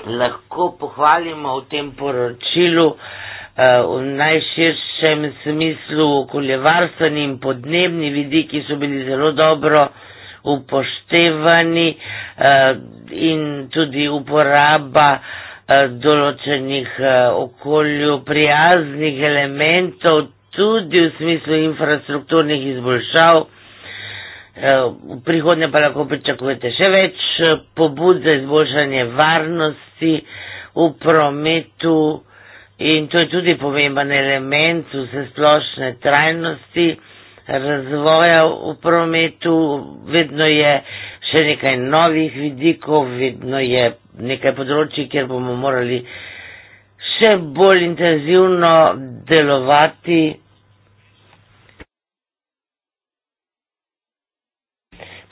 lahko pohvalimo v tem poročilu v najširšem smislu okoljevarstveni in podnebni vidiki so bili zelo dobro upoštevani eh, in tudi uporaba eh, določenih eh, okolju prijaznih elementov, tudi v smislu infrastrukturnih izboljšav. V prihodnje pa lahko pričakujete še več pobud za izboljšanje varnosti v prometu in to je tudi pomemben element vse splošne trajnosti razvoja v prometu, vedno je še nekaj novih vidikov, vedno je nekaj področji, kjer bomo morali še bolj intenzivno delovati.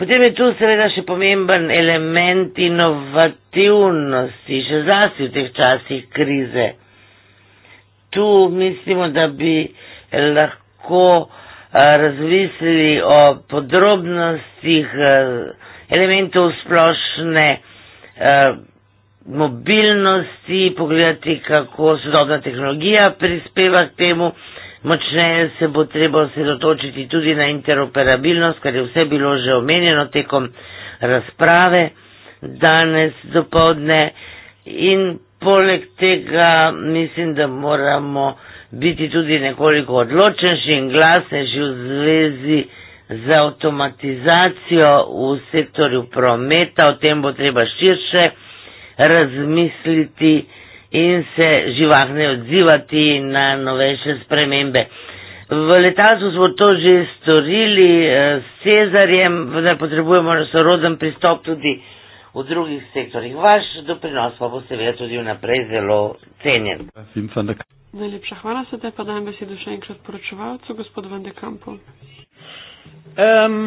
Potem je tu seveda še pomemben element inovativnosti, še zlasti v teh časih krize. Tu mislimo, da bi lahko Eh, razmislili o podrobnostih eh, elementov splošne eh, mobilnosti, pogledati, kako sodobna tehnologija prispeva k temu, močneje se bo treba osredotočiti tudi na interoperabilnost, kar je vse bilo že omenjeno tekom razprave danes dopoledne in poleg tega mislim, da moramo biti tudi nekoliko odločenši in glasnejši v zvezi z avtomatizacijo v sektorju prometa. O tem bo treba širše razmisliti in se živahne odzivati na novejše spremembe. V letalcu smo to že storili eh, s Cezarjem, vendar potrebujemo sorodem pristop tudi v drugih sektorjih. Vaš doprinos pa bo seveda tudi vnaprej zelo cenjen. 500. Najlepša hvala, sedaj pa dajem besedo še enkrat poročevalcu, gospod Van de Kampo. Um, ehm,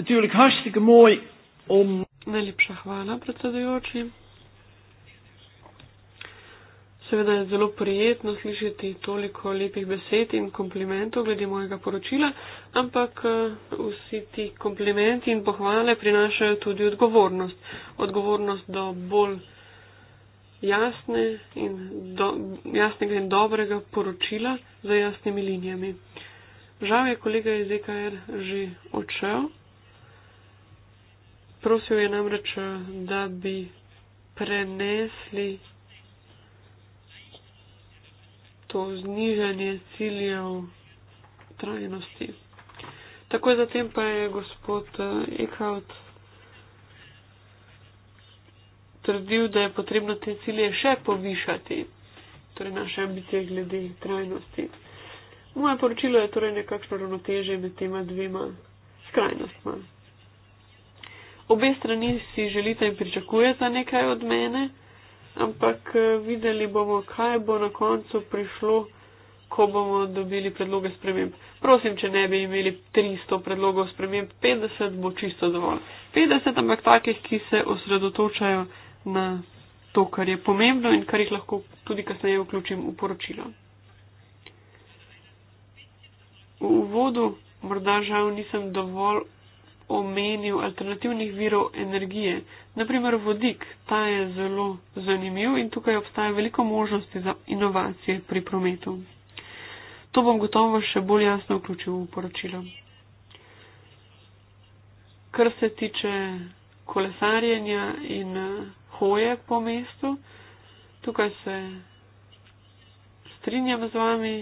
Tudi, kaj ste ga moj om. Najlepša hvala, predsedujoči. Seveda je zelo prijetno slišati toliko lepih besed in komplimentov glede mojega poročila, ampak eh, vsi ti komplimenti in pohvale prinašajo tudi odgovornost. Odgovornost do bolj jasne in do, jasnega in dobrega poročila za jasnimi linijami. Žal je kolega iz EKR že odšel. Prosil je namreč, da bi prenesli to znižanje ciljev trajnosti. Takoj zatem pa je gospod Ekaut eh, trdil, da je potrebno te cilje še povišati, torej naše ambicije glede trajnosti. Moje poročilo je torej nekakšno ravnoteže med tema dvema skrajnostma. Obe strani si želite in pričakujete nekaj od mene, ampak eh, videli bomo, kaj bo na koncu prišlo, ko bomo dobili predloge sprememb. Prosim, če ne bi imeli 300 predlogov sprememb, 50 bo čisto dovolj. 50, ampak takih, ki se osredotočajo na to, kar je pomembno in kar jih lahko tudi kasneje vključim v poročilo. V uvodu morda žal nisem dovolj omenil alternativnih virov energije. Naprimer vodik, ta je zelo zanimiv in tukaj obstaja veliko možnosti za inovacije pri prometu. To bom gotovo še bolj jasno vključil v poročilo. Kar se tiče kolesarjenja in uh, hoje po mestu. Tukaj se strinjam z vami.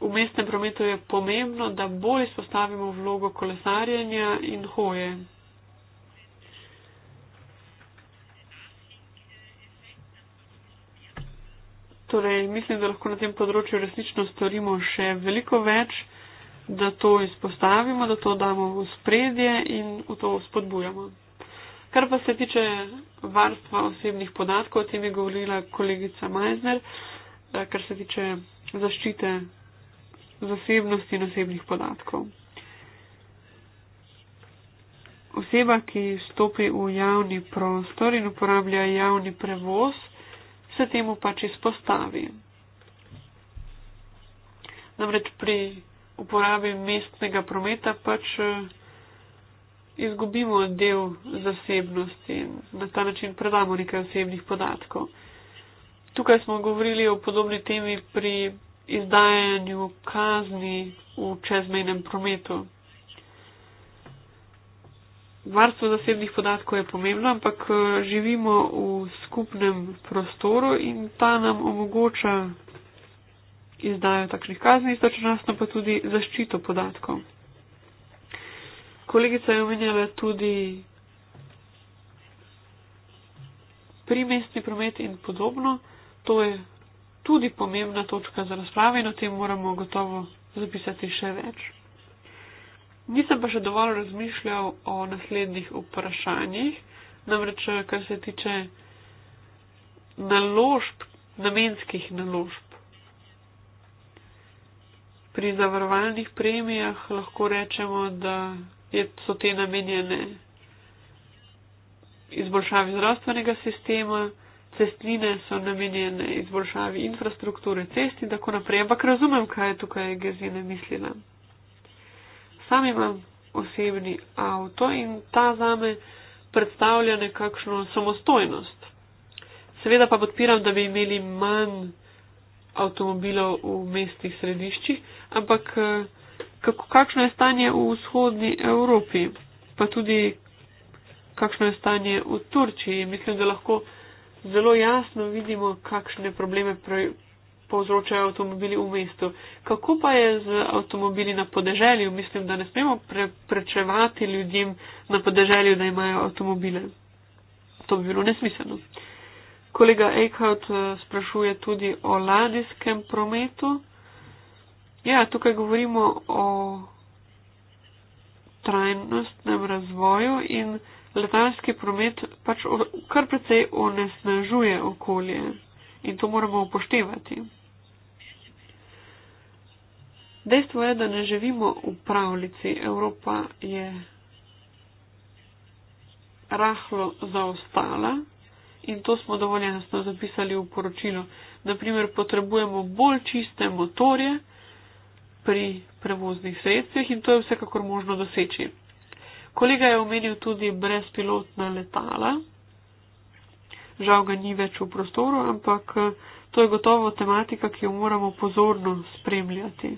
V mestnem prometu je pomembno, da bolj izpostavimo vlogo kolesarjenja in hoje. Torej, mislim, da lahko na tem področju resnično storimo še veliko več da to izpostavimo, da to damo v spredje in v to spodbujamo. Kar pa se tiče varstva osebnih podatkov, o tem je govorila kolegica Majzner, eh, kar se tiče zaščite zasebnosti in osebnih podatkov. Oseba, ki stopi v javni prostor in uporablja javni prevoz, se temu pač izpostavi. Namreč pri uporabi mestnega prometa, pač eh, izgubimo del zasebnosti in na ta način predamo nekaj osebnih podatkov. Tukaj smo govorili o podobni temi pri izdajanju kazni v čezmejnem prometu. Varstvo zasebnih podatkov je pomembno, ampak eh, živimo v skupnem prostoru in ta nam omogoča izdajo takšnih kazni, istočasno pa tudi zaščito podatkov. Kolegica je omenjala tudi primestni promet in podobno. To je tudi pomembna točka za razpravo in o tem moramo gotovo zapisati še več. Nisem pa še dovolj razmišljal o naslednjih vprašanjih, namreč kar se tiče naložb, namenskih naložb, pri zavarovalnih premijah lahko rečemo, da je, so te namenjene izboljšavi zdravstvenega sistema, cestnine so namenjene izboljšavi infrastrukture cest in tako naprej. Ampak razumem, kaj je tukaj Gezine mislila. Sam imam osebni avto in ta zame predstavlja nekakšno samostojnost. Seveda pa podpiram, da bi imeli manj avtomobilov v mestnih središčih, ampak eh, kako, kakšno je stanje v vzhodni Evropi, pa tudi kakšno je stanje v Turčiji. Mislim, da lahko zelo jasno vidimo, kakšne probleme povzročajo avtomobili v mestu. Kako pa je z avtomobili na podeželju? Mislim, da ne smemo pre, prečevati ljudem na podeželju, da imajo avtomobile. To bi bilo nesmiselno. Kolega Eichhout eh, sprašuje tudi o ladijskem prometu. Ja, tukaj govorimo o trajnostnem razvoju in letalski promet pač kar precej onesnažuje okolje in to moramo upoštevati. Dejstvo je, da ne živimo v pravljici. Evropa je rahlo zaostala in to smo dovolj jasno zapisali v poročilo. Naprimer, potrebujemo bolj čiste motorje, pri prevoznih sredstvih in to je vsekakor možno doseči. Kolega je omenil tudi brezpilotna letala. Žal ga ni več v prostoru, ampak to je gotovo tematika, ki jo moramo pozorno spremljati.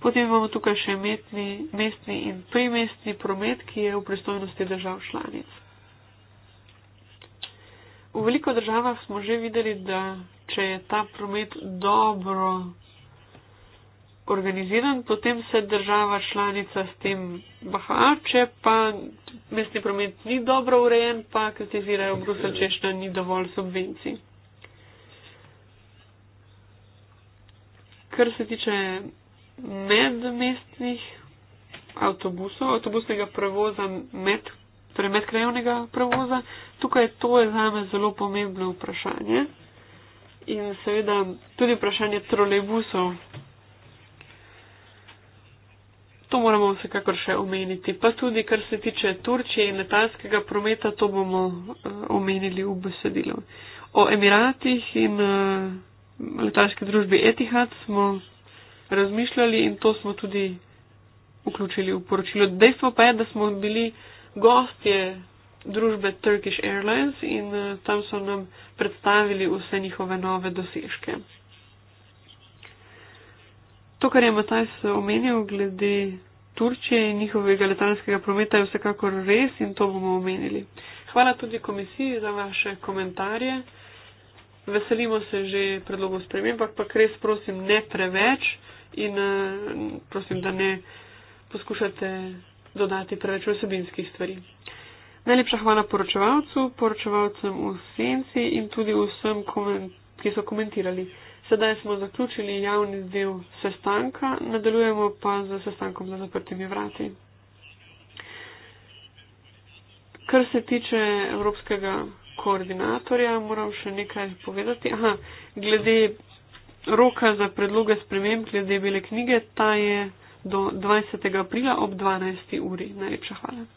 Potem imamo tukaj še metni, mestni in primestni promet, ki je v pristojnosti držav članic. V veliko državah smo že videli, da če je ta promet dobro organiziran, potem se država članica s tem baha, če pa mestni promet ni dobro urejen, pa kritizirajo Bruselj, češ da ni dovolj subvencij. Kar se tiče medmestnih avtobusov, avtobusnega prevoza med, torej medkrajovnega prevoza, tukaj to je za me zelo pomembno vprašanje. In seveda tudi vprašanje trolejbusov, To moramo vsekakor še omeniti. Pa tudi, kar se tiče Turčije in letalskega prometa, to bomo uh, omenili v besedilu. O Emiratih in uh, letalski družbi Etihad smo razmišljali in to smo tudi vključili v poročilo. Dejstvo pa je, da smo bili gostje družbe Turkish Airlines in uh, tam so nam predstavili vse njihove nove dosežke. To, kar je Matajs omenil glede Turčije in njihovega letalskega prometa, je vsekakor res in to bomo omenili. Hvala tudi komisiji za vaše komentarje. Veselimo se že predlogov sprememb, ampak pa res prosim ne preveč in eh, prosim, da ne poskušate dodati preveč osebinskih stvari. Najlepša hvala poročevalcu, poročevalcem v senci in tudi vsem, ki so komentirali. Sedaj smo zaključili javni del sestanka, nadaljujemo pa z sestankom za zaprtimi vrati. Kar se tiče evropskega koordinatorja, moram še nekaj povedati. Aha, glede roka za predloge sprememb, glede bele knjige, ta je do 20. aprila ob 12. uri. Najlepša hvala.